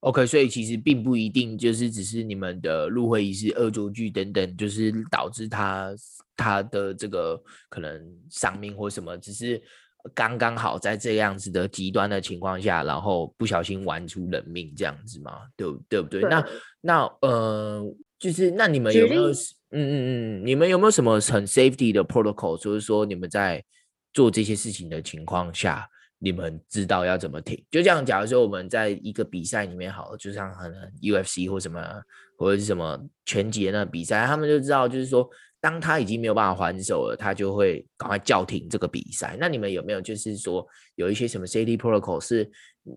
OK，所以其實並不一定就是只是你們的入會儀式惡作劇等等，就是導致他他的這個可能喪命或什麼，只是剛剛好在這樣子的極端的情況下，然後不小心玩出人命這樣子嘛，對不對？對不對？那那呃，就是那你們有沒有嗯嗯嗯，你們有沒有什麼很 safety 的 protocol，就是說你們在做這些事情的情況下？你們知道要怎麼停？就這樣，假如說我們在一個比賽裡面，好了，就像很 UFC 或什麼，或者是什麼拳擊那個比賽，他們就知道，就是說，當他已經沒有辦法還手了，他就會趕快叫停這個比賽。那你們有沒有，就是說，有一些什麼 Safety Protocol 是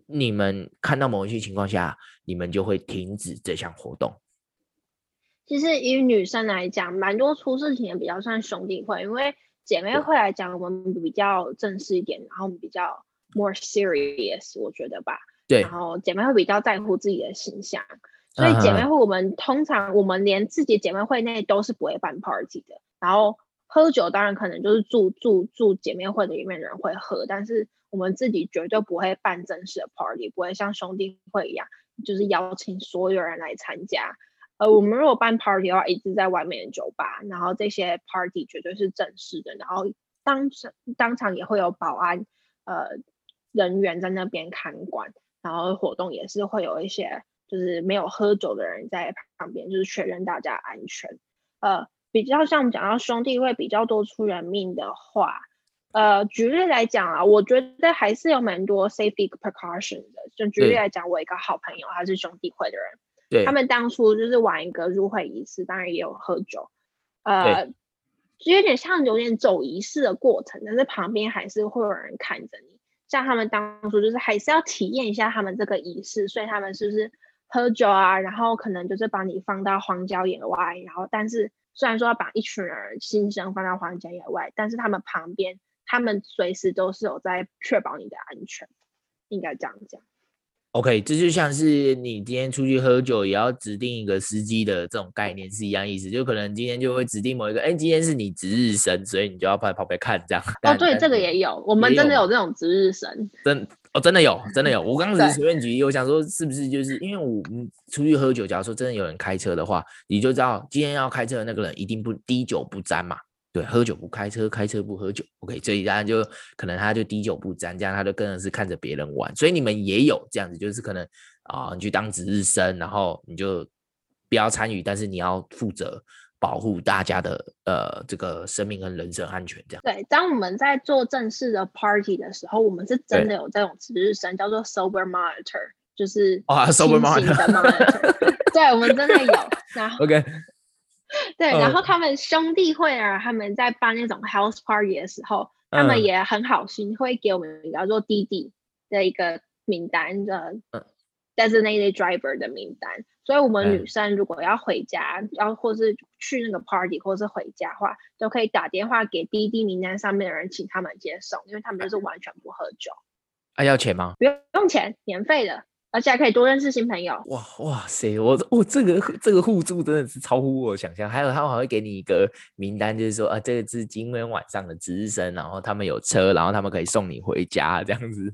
你們看到某一些情況下，你們就會停止這項活動？其實，以女生來講，蠻多出事情的比較算兄弟會，因為姐妹會來講，我們比較正式一點，然後比較。more serious，我覺得吧，對，然後姐妹會比較在乎自己的形象，所以姐妹會我們、Uh-huh. 通常我們連自己姐妹會那都是不會辦 party 的，然後喝酒當然可能就是住住住姐妹會的裡面的人會喝，但是我們自己絕對不會辦正式的 party，不會像兄弟會一樣就是邀請所有人來參加，呃，我們如果辦 party 的話，一直在外面的酒吧，然後這些 party 絕對是正式的，然後當場當場也會有保安，呃。人員在那邊看管，然後活動也是會有一些，就是沒有喝酒的人在旁邊，就是確認大家安全。呃，比較像我們講到兄弟會比較多出人命的話，呃，舉例來講啊，我覺得還是有蠻多 safety precaution 的。就舉例來講，我一個好朋友他是兄弟會的人，對，他們當初就是玩一個入會儀式，當然也有喝酒，呃，有點像有點走儀式的過程，但是旁邊還是會有人看着你。像他們當初就是還是要體驗一下他們這個儀式，所以他們是不是喝酒啊？然後可能就是把你放到荒郊野外，然後但是雖然說要把一群人新生放到荒郊野外，但是他們旁邊他們隨時都是有在確保你的安全，應該這樣講。OK，這就像是你今天出去喝酒也要指定一個司機的這種概念是一樣意思，就可能今天就會指定某一個，哎，今天是你值日生，所以你就要拍，跑來看這樣。哦，對，這個也有，我們真的有這種值日生，真哦，真的有，真的有。我剛剛只是隨便舉例，我想說是不是就是因為我們出去喝酒，假如說真的有人開車的話，你就知道今天要開車的那個人一定不滴酒不沾嘛。對，喝酒不開車，開車不喝酒。OK，所以這樣就可能他就滴酒不沾，這樣他就更多是看着別人玩。所以你們也有這樣子，就是可能啊、呃，你去當值日生，然後你就不要參與，但是你要負責保護大家的呃這個生命和人身安全。這樣對。當我們在做正式的 party 的時候，我們是真的有這種值日生，叫做 sober monitor，就是啊、oh，sober monitor。 *laughs* 對，我們真的有。 *laughs* 然後。OK。對，然後他們兄弟會啊、呃，他們在辦那種 house party 的時候，他們也很好心，嗯、會給我們叫做 DD 的一個名單的 designated driver 的名單。所以，我們女生如果要回家，嗯，要或是去那個 party 或是回家的話，都可以打電話給 DD 名單上面的人，請他們接送，因為他們都是完全不喝酒。啊，要錢嗎？不用錢，免費的。而且還可以多認識新朋友。哇哇塞，我我這個這個互助真的是超乎我想象。還有他們還會給你一個名單，就是說啊，這個是今天晚上的值日生，然後他們有車，然後他們可以送你回家這樣子。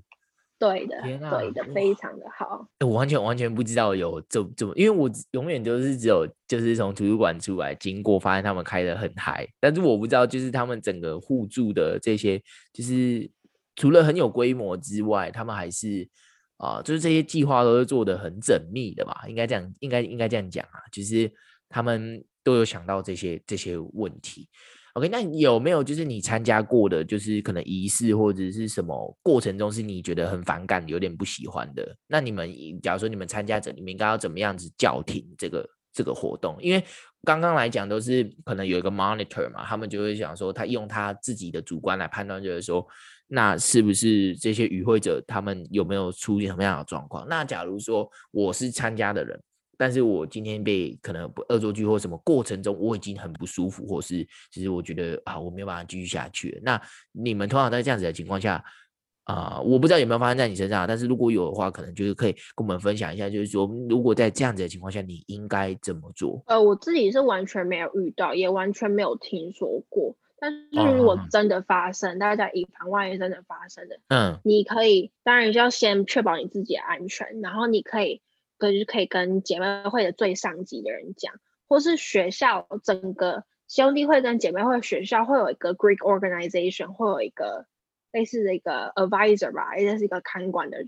對的，對的，非常的好。我完全我完全不知道有這這麼，因為我永遠都是只有就是從圖書館出來經過，發現他們開的很嗨，但是我不知道就是他們整個互助的這些，就是除了很有規模之外，他們還是。啊，就是這些計劃都是做的很縝密的吧？應該這樣，應該應該這樣講啊。就是他們都有想到這些這些問題。OK，那有沒有就是你參加過的，就是可能儀式或者是什麼過程中，是你覺得很反感、有點不喜歡的？那你們假如說你們參加者，你們應該要怎麼樣子叫停這個這個活動？因為剛剛來講都是可能有一個 monitor 嘛，他們就會想說，他用他自己的主觀來判斷，就是說。那是不是這些與會者他們有沒有出現什麼樣的狀況？那假如說我是參加的人，但是我今天被可能惡作劇或什麼過程中我已經很不舒服，或是其實我覺得啊我沒有辦法繼續下去。那你們通常在這樣子的情況下啊，呃，我不知道有沒有發生在你身上，但是如果有的話，可能就是可以跟我們分享一下，就是說如果在這樣子的情況下，你應該怎麼做？呃，我自己是完全沒有遇到，也完全沒有聽說過。但是如果真的發生，uh, 大家以防萬一真的發生的，嗯、uh,，你可以當然你要先確保你自己的安全，然後你可以跟可以跟姐妹會的最上級的人講，或是學校整個兄弟會跟姐妹會學校會有一個 Greek organization，會有一個類似的一個 advisor 吧，也就是一個看管的人，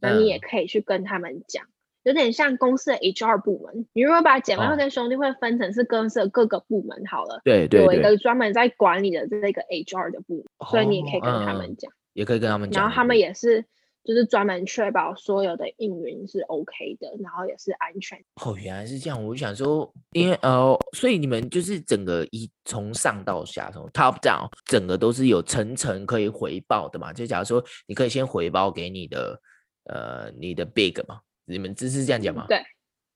那、uh, 你也可以去跟他們講。有點像公司的 HR 部門，你如果把姐妹會、哦、跟兄弟會分成是公司的各個部門好了，對對，對有一個專門在管理的這個 HR 的部門，哦，所以你可以跟他們講，嗯，也可以跟他們講，然後他們也是就是專門確保所有的營運是 OK 的，然後也是安全。哦，原來是這樣，我就想說，因為呃，所以你們就是整個一從上到下從 top down 整個都是有層層可以回報的嘛，就假如說你可以先回報給你的呃你的 big 嘛。你們只是這樣講嘛？對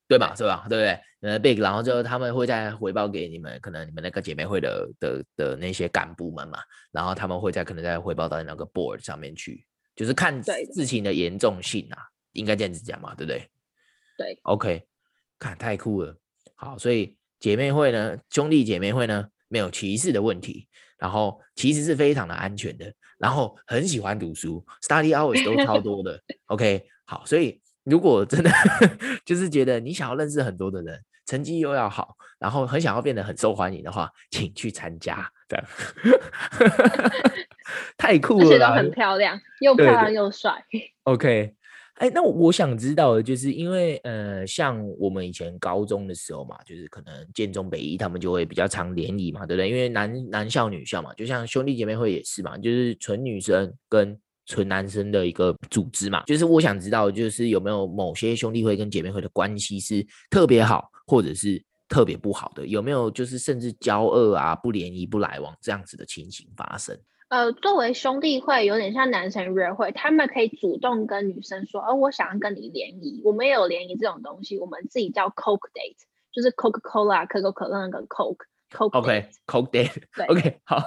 對嘛，是吧？對不對？呃，big，然後就他們會再回報給你們，可能你們那個姐妹會的的的那些幹部們嘛，然後他們會再可能再回報到那個 board 上面去，就是看事情的嚴重性啊，應該這樣子講嘛，對不對？對，OK，看太酷了，好，所以姐妹會呢，兄弟姐妹會呢，沒有歧視的問題，然後其實是非常的安全的，然後很喜歡讀書，study hours 都超多的 *laughs* ，OK，好，所以。如果真的 *laughs* 就是覺得你想要認識很多的人，成績又要好，然後很想要變得很受歡迎的話，請去參加。 *laughs* 太酷了啦！都很漂亮，對對對，又漂亮又帥。OK，哎、欸，那我想知道的就是，因為呃，像我們以前高中的時候嘛，就是可能建中北一他們就會比較常聯誼嘛，對不對？因為男男校女校嘛，就像兄弟姐妹會也是嘛，就是純女生跟。純男生的一個組織嘛，就是我想知道，就是有沒有某些兄弟會跟姐妹會的關係是特別好，或者是特別不好的？有沒有就是甚至交惡啊、不聯誼、不來往這樣子的情形發生？呃，作為兄弟會有點像男生約會，他們可以主動跟女生說：“哦，我想要跟你聯誼，我們也有聯誼這種東西，我們自己叫 Coke Date，就是 Coca Cola 可口可樂那個 Coke Coke Date，OK，好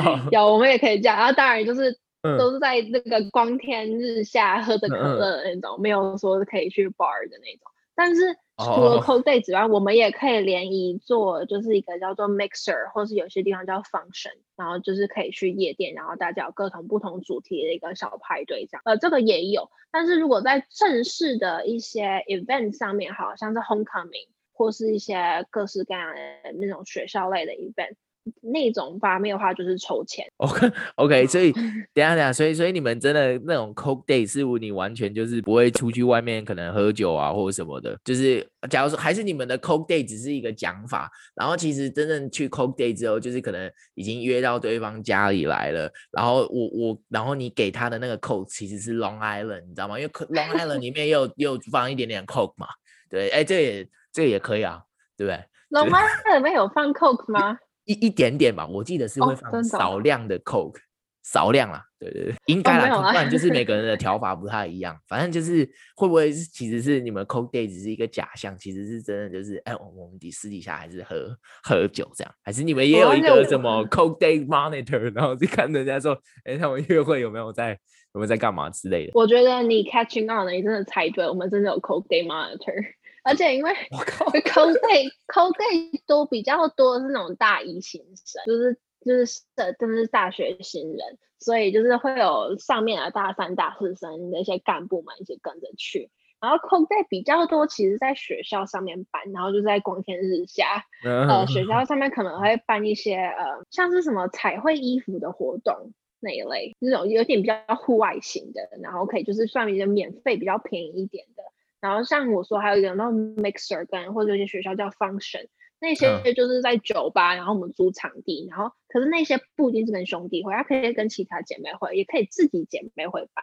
好， *laughs* *laughs* 有 *laughs* 我們也可以這樣。然後當然就是。都是在那個光天日下喝的可樂的那種、嗯嗯，沒有說可以去 bar 的那種。但是除了 cocktails 之外、哦，我們也可以聯誼做，就是一個叫做 mixer，或是有些地方叫 function，然後就是可以去夜店，然後大家有各種不同主題的一個小派對這樣。呃，這個也有。但是如果在正式的一些 event 上面，好像是 homecoming 或是一些各式各樣的那種學校類的 event。那種方面的話，就是籌錢。OK OK，所以等下等下。所以所以你們真的那種 Coke Day，似乎你完全就是不會出去外面可能喝酒啊或者什麼的。就是假如說還是你們的 Coke Day 只是一個講法，然後其實真正去 Coke Day 之後，就是可能已經約到對方家裡來了。然後我我然後你給他的那個 Coke 其實是 Long Island，你知道嗎？因為 Long Island 裡面又 *laughs* 又放一點點 Coke 嘛。對，哎、欸，這個也、這個也可以啊，對不對？Long Island 裡面有放 Coke 嗎？ *laughs* 一一點點吧，我記得是會放少量的 Coke，少量啦，對對對，應該啦，不、哦、然就是每個人的調法不太一樣。 *laughs* 反正就是會不會是其實是你們 Coke Day 只是一個假象，其實是真的就是哎、欸，我們的私底下還是喝喝酒這樣，還是你們也有一個什麼 Coke Day Monitor，然後去看人家說，哎、欸，他們約會有沒有在有沒有在幹嘛之類的。我覺得你 Catching On 你真的猜對，我們真的有 Coke Day Monitor。而且因為扣費扣費都比較多是那種大一新生，就是就是的，就是大學新人，所以就是會有上面的大三、大四生那些幹部們一起跟着去。然後扣費比較多，其實在學校上面辦，然後就在光天日下， *laughs* 呃，學校上面可能會辦一些呃，像是什麼彩繪衣服的活動那一類，那種有點比較戶外型的，然後可以就是算一個免費、比較便宜一點的。然後像我說，還有一個那種 mixer 跟或者有些學校叫 function，那些就是在酒吧，嗯、然後我們租場地，然後可是那些不一定是跟兄弟會，他可以跟其他姐妹會，也可以自己姐妹會吧。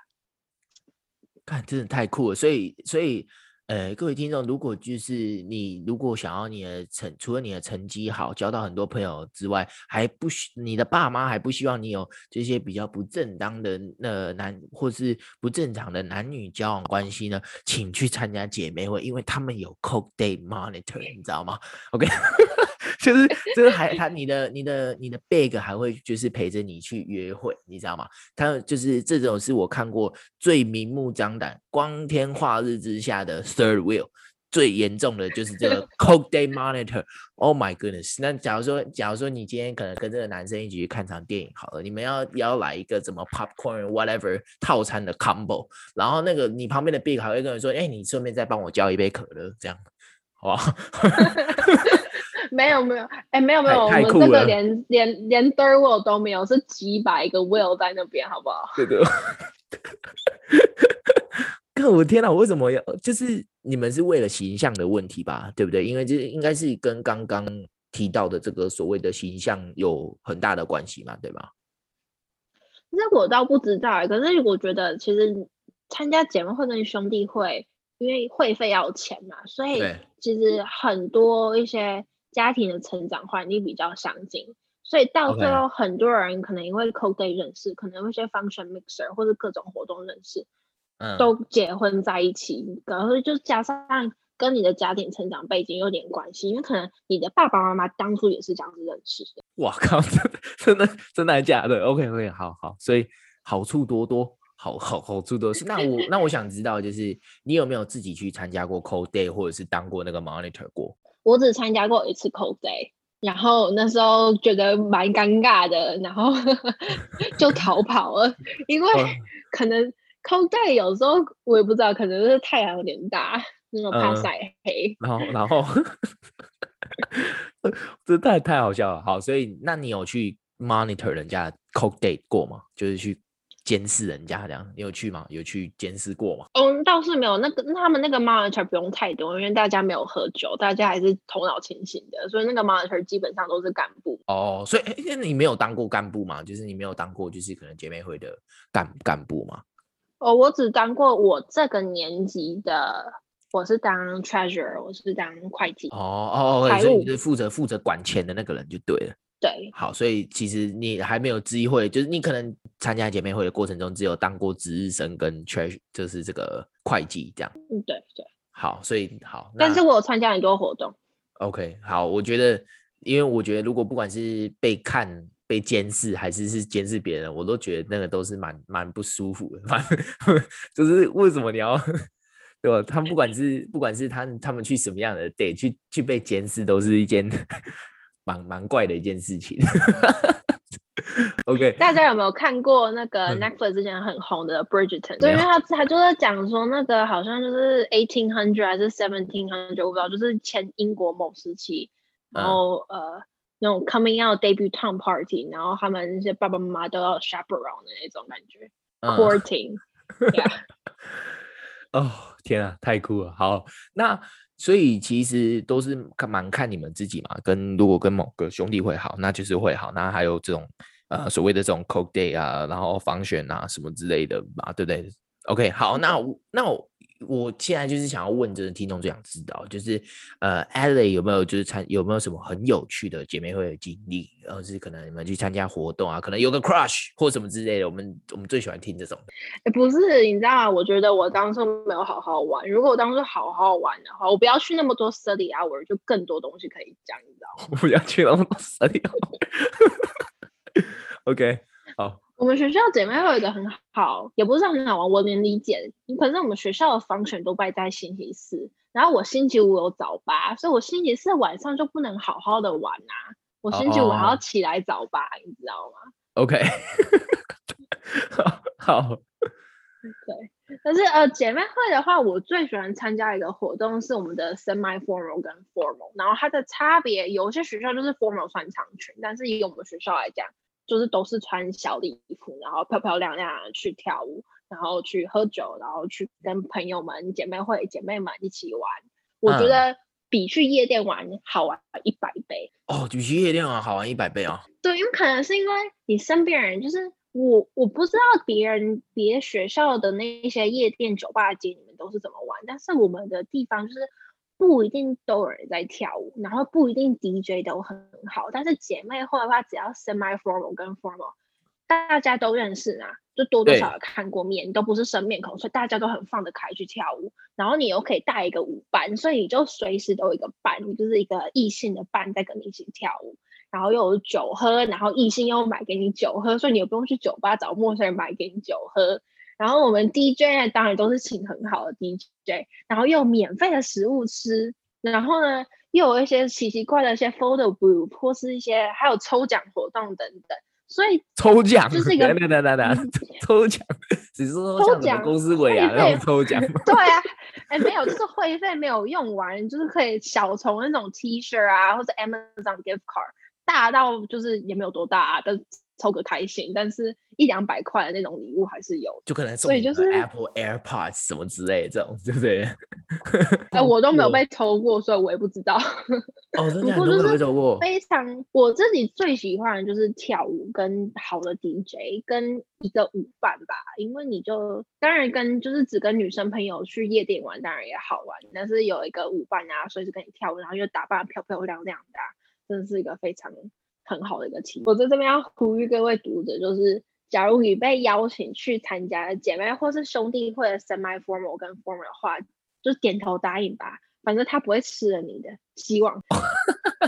看，真的太酷了，所以，所以。呃，各位聽眾，如果就是你，如果想要你的成，除了你的成績好，交到很多朋友之外，還不需你的爸媽還不希望你有這些比較不正當的那、呃、男或是不正常的男女交往關係呢，請去參加姐妹會，因為他們有 Coke Day Monitor，你知道嗎？OK， *laughs* 就是就是還他你的你的你的 big 還會就是陪着你去約會，你知道嗎？他就是這種是我看過最明目張膽、光天化日之下的。Third wheel，最嚴重的就是這個 Coke Day monitor。 *laughs* Oh my goodness！那假如說，假如說你今天可能跟這個男生一起去看場電影好了，你們要要來一個什麼 popcorn whatever 套餐的 combo，然後那個你旁邊的 big 還會跟人說，哎、欸，你順便再幫我叫一杯可樂，這樣，好吧？沒 *laughs* 有 *laughs* 沒有，哎，沒有沒有，我們這個連連連 third wheel 都沒有，是幾百個 wheel 在那邊，好不好？對的。 *laughs* 天啊、我的天哪、啊！我為什麼要？就是你們是為了形象的問題吧？對不對？因為這應該是跟剛剛提到的這個所謂的形象有很大的關係嘛？對吧？那我倒不知道、欸、可是我覺得，其實參加姊妹會跟兄弟會，因為會費要錢嘛，所以其實很多一些家庭的成長環境比較相近，所以到最後很多人可能因為 Coke date 認識，okay. 可能會一些 function mixer 或者各種活動認識。嗯、都結婚在一起，然後就加上跟你的家庭成長背景有點關係，因為可能你的爸爸媽媽當初也是這樣子認識的。哇靠，真的真的真的假的？OK OK，好好，所以好處多多，好好好處多是。那我那我想知道，就是你有沒有自己去參加過 Cold Day，或者是當過那個 Monitor 過？我只參加過一次 Cold Day，然後那時候覺得蠻尷尬的，然後 *laughs* 就逃跑了， *laughs* 因為可能。c o a 有時候我也不知道，可能就是太陽有點大，那麼怕曬黑，嗯。然後，然後 *laughs* 這太太好笑了。好，所以那你有去 monitor 人家 c o c k d a t e 過嗎？就是去監視人家這樣，你有去嗎？有去監視過嗎？嗯、oh,，倒是沒有。那個那他們那個 monitor 不用太多，因為大家沒有喝酒，大家還是頭腦清醒的，所以那個 monitor 基本上都是幹部。哦、oh,，所以那、欸、你沒有當過幹部嗎？就是你沒有當過，就是可能姐妹會的幹幹部嗎？哦、oh,，我只當過我這個年級的，我是當 treasurer，我是當會計。哦哦哦，所以你是負責負責管錢的那個人就對了。對，好，所以其實你還沒有機會，就是你可能參加姐妹會的過程中，只有當過值日生跟 treasurer，就是這個會計這樣。嗯，對對。好，所以好，但是我有參加很多活動。OK，好，我覺得，因為我覺得如果不管是被看。被監視還是是監視別人，我都覺得那個都是蠻蠻不舒服的，蠻就是為什麼你要對吧？他不管是不管是他他們去什麼樣的 day 去去被監視，都是一件蠻蠻怪的一件事情。 *laughs* OK，大家有沒有看過那個 Netflix 之前很紅的、嗯《Bridgerton》？對，因為他他就是講說那個好像就是 eighteen hundred 還是 seventeen hundred，我不知道，就是前英國某時期，然後、啊、呃。那、no, 種 coming out debut town party，然後他們是爸爸媽媽都要 s h a p a r o u n d 的那種感覺，courting、嗯。 *laughs* yeah. 哦，天啊，太酷了！好，那所以其實都是看蠻看你們自己嘛。跟如果跟某個兄弟會好，那就是會好。那還有這種呃所謂的這種 coke day 啊，然後訪選啊什麼之類的嘛，對不對？OK，好，那我那我。我現在就是想要問，就是聽眾最想知道，就是呃 Ade 有沒有就是參有沒有什麼很有趣的姐妹會的經歷，然後是可能你們去參加活動啊，可能有個 crush 或什麼之類的，我們我們最喜歡聽這種。欸、不是，你知道嗎？我覺得我當初沒有好好玩，如果我當初好好玩的話，我不要去那麼多 study hour，就更多東西可以講，你知道嗎？我不要去那麼多 study hour。 *laughs* *laughs* OK。 *noise* 我們學校姐妹會的很好，也不是很好玩，我能理解。可是我們學校的 function 都擺在星期四，然後我星期五有早八，所以我星期四晚上就不能好好的玩吶、啊。我星期五還要起來早八，oh. 你知道嗎？OK，好、 *laughs* *laughs* *laughs* okay.。對，可是呃，姐妹會的話，我最喜歡參加一個活動是我們的 semi formal 跟 formal，然後它的差別，有些學校就是 formal 穿長裙，但是以我們學校來講。就是都是穿小禮服，然後漂漂亮亮的去跳舞，然後去喝酒，然後去跟朋友們、姐妹會姐妹們一起玩、嗯。我覺得比去夜店玩好玩一百倍哦，比去夜店玩好玩一百倍哦。對，有可能是因為你身邊人，就是我，我不知道別人別學校的那些夜店、酒吧街，你們都是怎麼玩，但是我們的地方就是。不一定都有人在跳舞，然後不一定 DJ 都很好，但是姐妹會的話，只要 semi-formal 跟 formal，大家都認識啊，就多多少少看過面，都不是生面孔，所以大家都很放得開去跳舞，然後你又可以帶一個舞伴，所以你就隨時都有一個伴，就是一個異性的伴在跟你一起跳舞，然後又有酒喝，然後異性又買給你酒喝，所以你又不用去酒吧找陌生人買給你酒喝。然後我們 DJ 當然都是請很好的 DJ，然後又有免費的食物吃，然後呢，又有一些奇奇怪怪的一些 photo booth 或是一些還有抽獎活動等等，所以抽獎就是一個，噠噠噠噠，抽獎，只是說抽獎說公司尾牙要抽獎，對啊，哎，沒有，就是會費沒有用完， *laughs* 就是可以小從那種 T 恤啊，或者 Amazon gift card，大到就是也沒有多大，啊，但。抽個開心，但是一兩百塊的那種禮物還是有的，就可能送個、就是、Apple AirPods 什麼之類的，這種對 *laughs* 不對？那我都沒有被抽過，所以我也不知道。哦，真的，沒抽過。就是非常，我自己最喜歡的就是跳舞，跟好的 DJ，跟一個舞伴吧。因為你就當然跟就是只跟女生朋友去夜店玩，當然也好玩。但是有一個舞伴啊，隨時跟你跳舞，然後又打扮漂漂亮亮的、啊，真的是一個非常。很好的一個，提，我在這邊要呼籲各位讀者，就是假如你被邀請去參加的姐妹或是兄弟會的 semi formal 跟 formal 的話，就點頭答應吧，反正他不會吃了你的。希望，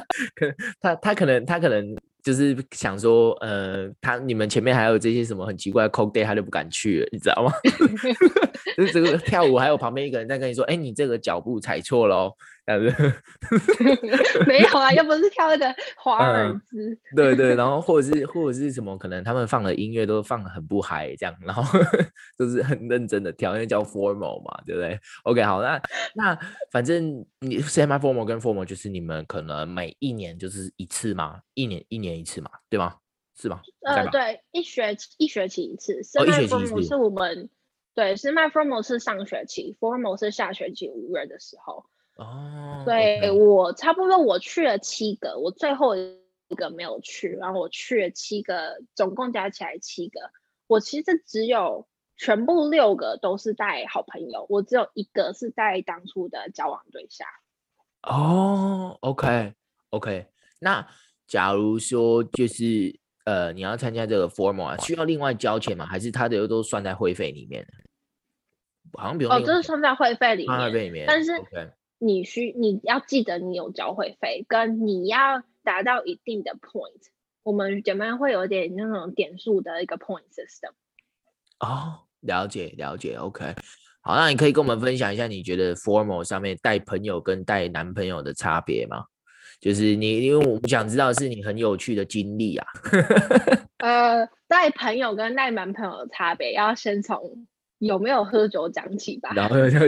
*laughs* 他他可能他可能就是想說，呃，他你們前面還有這些什麼很奇怪的 cold day，他就不敢去了，你知道嗎？ *laughs* *laughs* 就是這個跳舞，還有旁邊一個人在跟你說，哎、欸，你這個腳步踩錯了。」但 *laughs* 是，沒有啊， *laughs* 又不是跳一個華爾茲。對對， *laughs* 然後或者是或者是什麼，可能他們放的音樂都放很不嗨，這樣，然後呵呵就是很認真的跳，因為叫 formal 嘛，對不對？OK，好，那那反正你 semi-formal 跟 formal 就是你們可能每一年就是一次嘛，一年一年一次嘛，對嗎？是嗎？呃，對，一學期一學期一次，一學期一次。哦、一一次是我們對，是 semi-formal 是上學期,、哦、學期, formal, 是上學期，formal 是下學期五月的時候。哦、oh, okay.，對我差不多，我去了七個，我最後一個沒有去，然後我去了七個，總共加起來七個。我其實只有全部六個都是帶好朋友，我只有一個是帶當初的交往對象。哦、oh,，OK OK，那假如說就是呃你要參加這個 formal 需要另外交錢嗎？還是他的都算在會費裡面？好像比如說哦，oh, 這是算在會費裡面，會費裡面，但是 OK。你需你要記得你有交會費，跟你要達到一定的 point，我們姐妹會有點那種點數的一個 point system。哦，oh，了解了解，OK，好，那你可以跟我們分享一下你覺得 formal 上面帶朋友跟帶男朋友的差別嗎？就是你，因為我們想知道是你很有趣的經歷啊。呃，帶朋友跟帶男朋友的差別，要先從有沒有喝酒講起吧。然有，就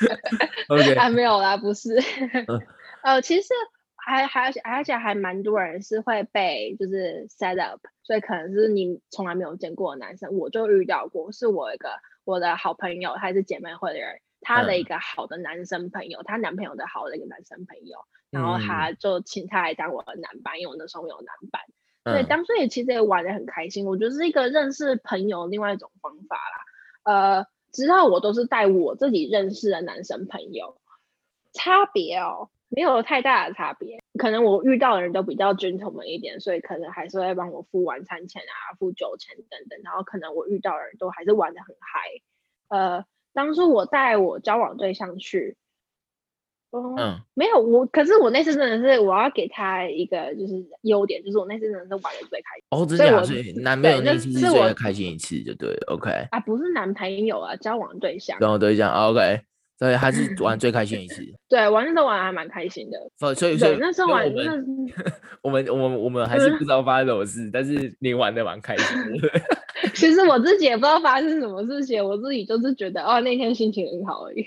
*laughs* okay. 還沒有啦，不是。 *laughs* uh, 呃、其實還還而且還蠻多人是會被就是 set up，所以可能是你從來沒有見過的男生，我就遇到過，是我一個我的好朋友，還是姐妹會的人，她的一個好的男生朋友，她、uh, 男朋友的好的一個男生朋友，然後他就請他來當我的男伴。因為、um, 我那時候沒有男伴，uh, 所以當時也其實也玩的很開心，我覺得是一個認識朋友另外一種方法啦，呃。知道我都是帶我自己認識的男生朋友，差別哦，沒有太大的差別。可能我遇到的人都比較 gentleman 一點，所以可能還是會幫我付晚餐錢啊、付酒錢等等。然後可能我遇到的人都還是玩的很嗨。呃，當初我帶我交往對象去。哦、嗯，沒有我，可是我那次真的是，我要給他一個就是優點，就是我那次真的是玩的最開心。哦、我之前也最，男朋友那次是最開心一次，就對，OK 了。OK。啊，不是男朋友啊，交往對象。啊啊、交往對象，OK，對，還是玩最開心一次。 *coughs* 對，玩的時候玩還蠻開心的。不、哦，所以對，所以那時候玩那是，我們我們我們還是不知道發生什麼事，嗯、但是你玩的蠻開心的。對 *laughs* 其實我自己也不知道發生什麼事情，我自己就是覺得哦，那天心情很好而已。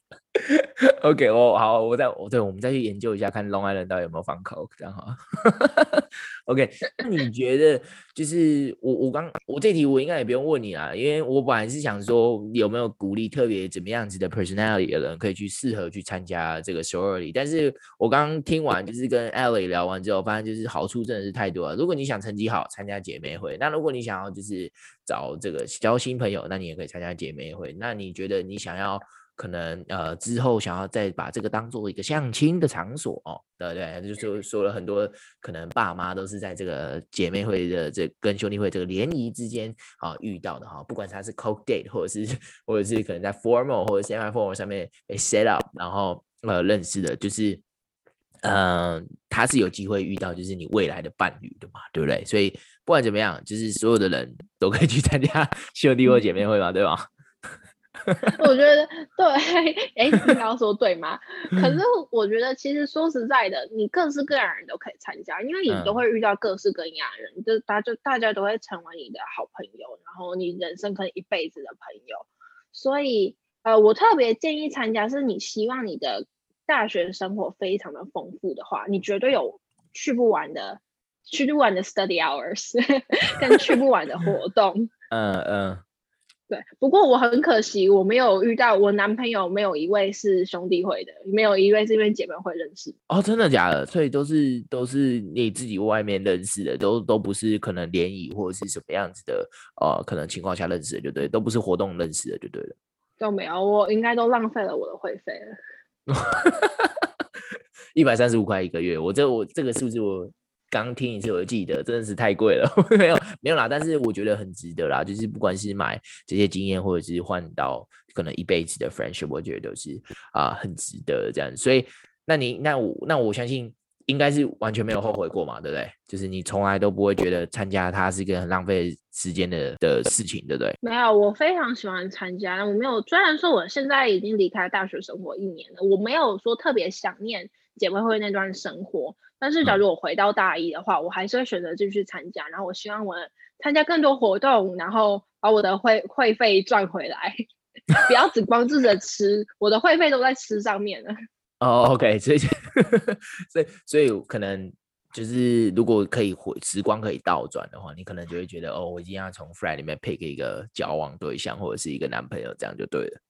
OK，哦，好，我再，我對我們再去研究一下，看 Long Island 到底有沒有放口。這樣好。 *laughs* OK，那你覺得就是我我剛我這題我應該也不用問你啦，因為我本來是想說有沒有鼓勵特別怎麼樣子的 personality 的人可以去適合去參加這個 sorority，但是我剛聽完就是跟 Ellie 聊完之後，發現就是好處真的是太多了。如果你想成績好，參加姐妹會；那如果你想要就是找這個交新朋友，那你也可以參加姐妹會。那你覺得你想要？可能呃之後想要再把這個當做一個相親的場所、哦，對不對？就說說了很多，可能爸媽都是在這個姐妹會的這跟兄弟會這個聯誼之間啊、哦、遇到的哈、哦，不管他是 coke date 或者是或者是可能在 formal 或者 semi formal 上面被 set up，然後呃認識的，就是嗯、呃、他是有機會遇到就是你未來的伴侶的嘛，對不對？所以不管怎麼樣，就是所有的人都可以去參加兄弟或姐妹會嘛、嗯，對吧？ *laughs* 我覺得對，哎、欸，你剛說對嗎？可是我覺得，其實說實在的，你各式各樣人都可以參加，因為你都會遇到各式各樣的人，嗯、就大家大家都會成為你的好朋友，然後你人生可以一輩子的朋友。所以，呃，我特別建議參加，是你希望你的大學生活非常的豐富的話，你絕對有去不完的、去不完的 study hours， *laughs* 跟去不完的活動。嗯嗯。對，不過我很可惜，我沒有遇到我男朋友，沒有一位是兄弟會的，沒有一位是因為姐妹會認識哦。真的假的？所以都是都是你自己外面認識的，都都不是可能聯誼或是什麼樣子的，呃，可能情況下認識的。就對，都不是活動認識的就對了，對不都沒有，我應該都浪費了我的會費了，一百三十五塊一個月，我這我這個是不是我？剛聽一次我就記得，真的是太貴了，呵呵沒有沒有啦，但是我覺得很值得啦，就是不管是買這些經驗，或者是換到可能一輩子的 friendship，我覺得都是啊、呃、很值得這樣。所以，那你那我那我相信應該是完全沒有後悔過嘛，對不對？就是你從來都不會覺得參加它是一個很浪費時間的的事情，對不對？沒有，我非常喜歡參加。我沒有，雖然說我現在已經離開大學生活一年了，我沒有說特別想念。姐妹會那段生活，但是假如我回到大一的話，嗯，我還是會選擇繼續參加。然後我希望我參加更多活動，然後把我的會會費賺回來， *laughs* 不要只光顧着吃。我的會費都在吃上面了。哦、oh，OK，所以， *laughs* 所以，所以可能就是如果可以回時光可以倒轉的話，你可能就會覺得哦，我一定要從 friend 裡面配個一個交往對象，或者是一個男朋友，這樣就對了。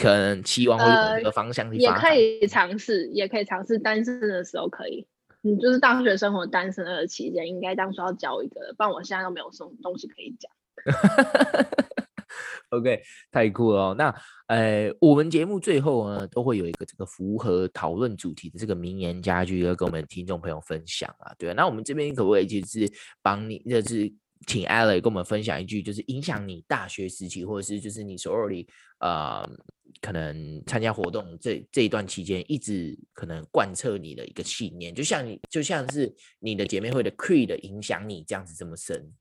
可能期望會有一個方向也可以嘗試，也可以嘗試單身的時候可以。你就是大學生活單身的期間，應該當初要交一個。不然我現在都沒有什麼東西可以講。 *laughs* *laughs* OK，太酷了哦。那呃，我們節目最後呢，都會有一個這個符合討論主題的這個名言佳句要跟我們聽眾朋友分享啊，對啊。那我們這邊可不可以就是幫你就是。請艾蕾跟我們分享一句，就是影響你大學時期，或者是就是你所有裡呃，可能參加活動這這一段期間，一直可能貫徹你的一個信念，就像你就像是你的姐妹會的 creed 影響你這樣子這麼深。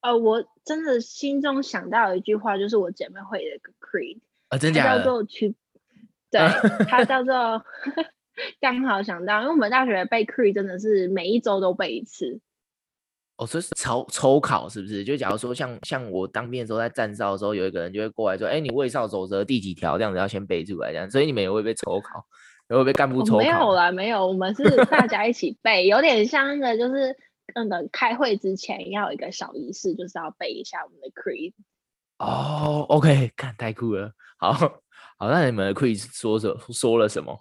呃，我真的心中想到一句話，就是我姐妹會的 creed 啊，真的假的？他叫做去，對，它叫做 *laughs* *laughs* 剛好想到，因為我們大學背 creed 真的是每一周都背一次。哦、所以，是抽抽考是不是？就假如說像像我當兵的時候，在站哨的時候，有一個人就會過來說：“哎，你衛哨守則第幾條？”這樣子要先背出來這樣。所以你們也會被抽考，也會被幹部抽考。哦。沒有啦，沒有。我們是大家一起背， *laughs* 有點像那個，就是那個開會之前要一個小儀式，就是要背一下我們的 creed。哦、oh，OK，看太酷了。好，好，那你們的 creed 說着說了什麼？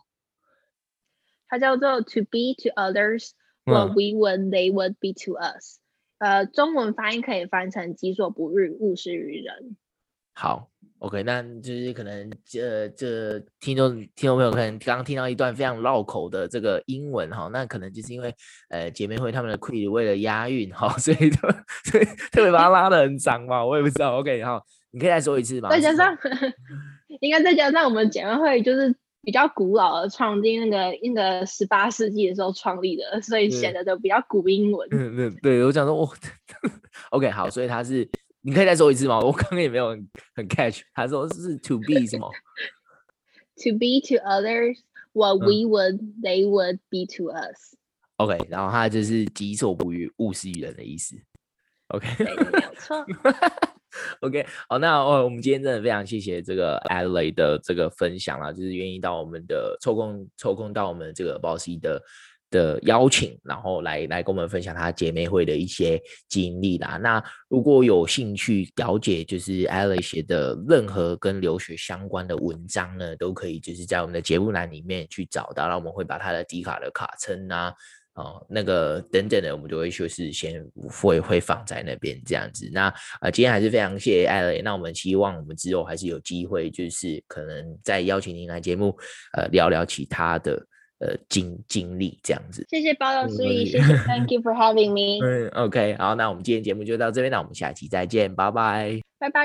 它叫做 To be to others what we would they would be to us，嗯。呃，中文翻譯可以翻成“己所不欲，勿施於人”好。好，OK，那就是可能，呃，這聽眾聽眾朋友可能剛剛聽到一段非常繞口的這個英文哈，那可能就是因為呃姐妹會他們的 creed 為了押韻哈，所以特所以特別把它拉的很長嘛， *laughs* 我也不知道，OK 哈，你可以再說一次嗎？再加上， *laughs* 應該再加上我們姐妹會就是。比較古老的，的創進那個一、那個十八世紀的時候創立的，所以顯得都比較古英文。對，對對我想說，我、哦、 *laughs* OK 好，所以他是，你可以再說一次嗎？我剛剛也沒有很 catch，他說是 to be 什麼 *laughs* ，to be to others what we would、嗯、they would be to us。OK，然後他就是己所不欲，勿施於人的意思。OK，沒有錯。 *laughs* OK，好，那、哦、我們今天真的非常謝謝這個 Adelaide 的這個分享啦，就是願意到我們的抽空抽空到我們這個 Bossy 的的邀請，然後來來跟我們分享她姐妹會的一些經歷啦。那如果有興趣了解就是 Adelaide 寫的任何跟留學相關的文章呢，都可以就是在我們的節目欄裡面去找到，然後我們會把她的迪卡的卡稱啊。哦，那個等等的，我們就會就是先會會放在那邊這樣子。那呃今天還是非常謝謝艾蕾，那我們希望我們之後還是有機會，就是可能再邀請您來節目，呃，聊聊其他的呃經經歷這樣子。謝謝包老師，嗯、謝謝、嗯。Thank you for having me 嗯。嗯，OK，好，那我們今天節目就到這邊，那我們下期再見，拜拜，拜拜。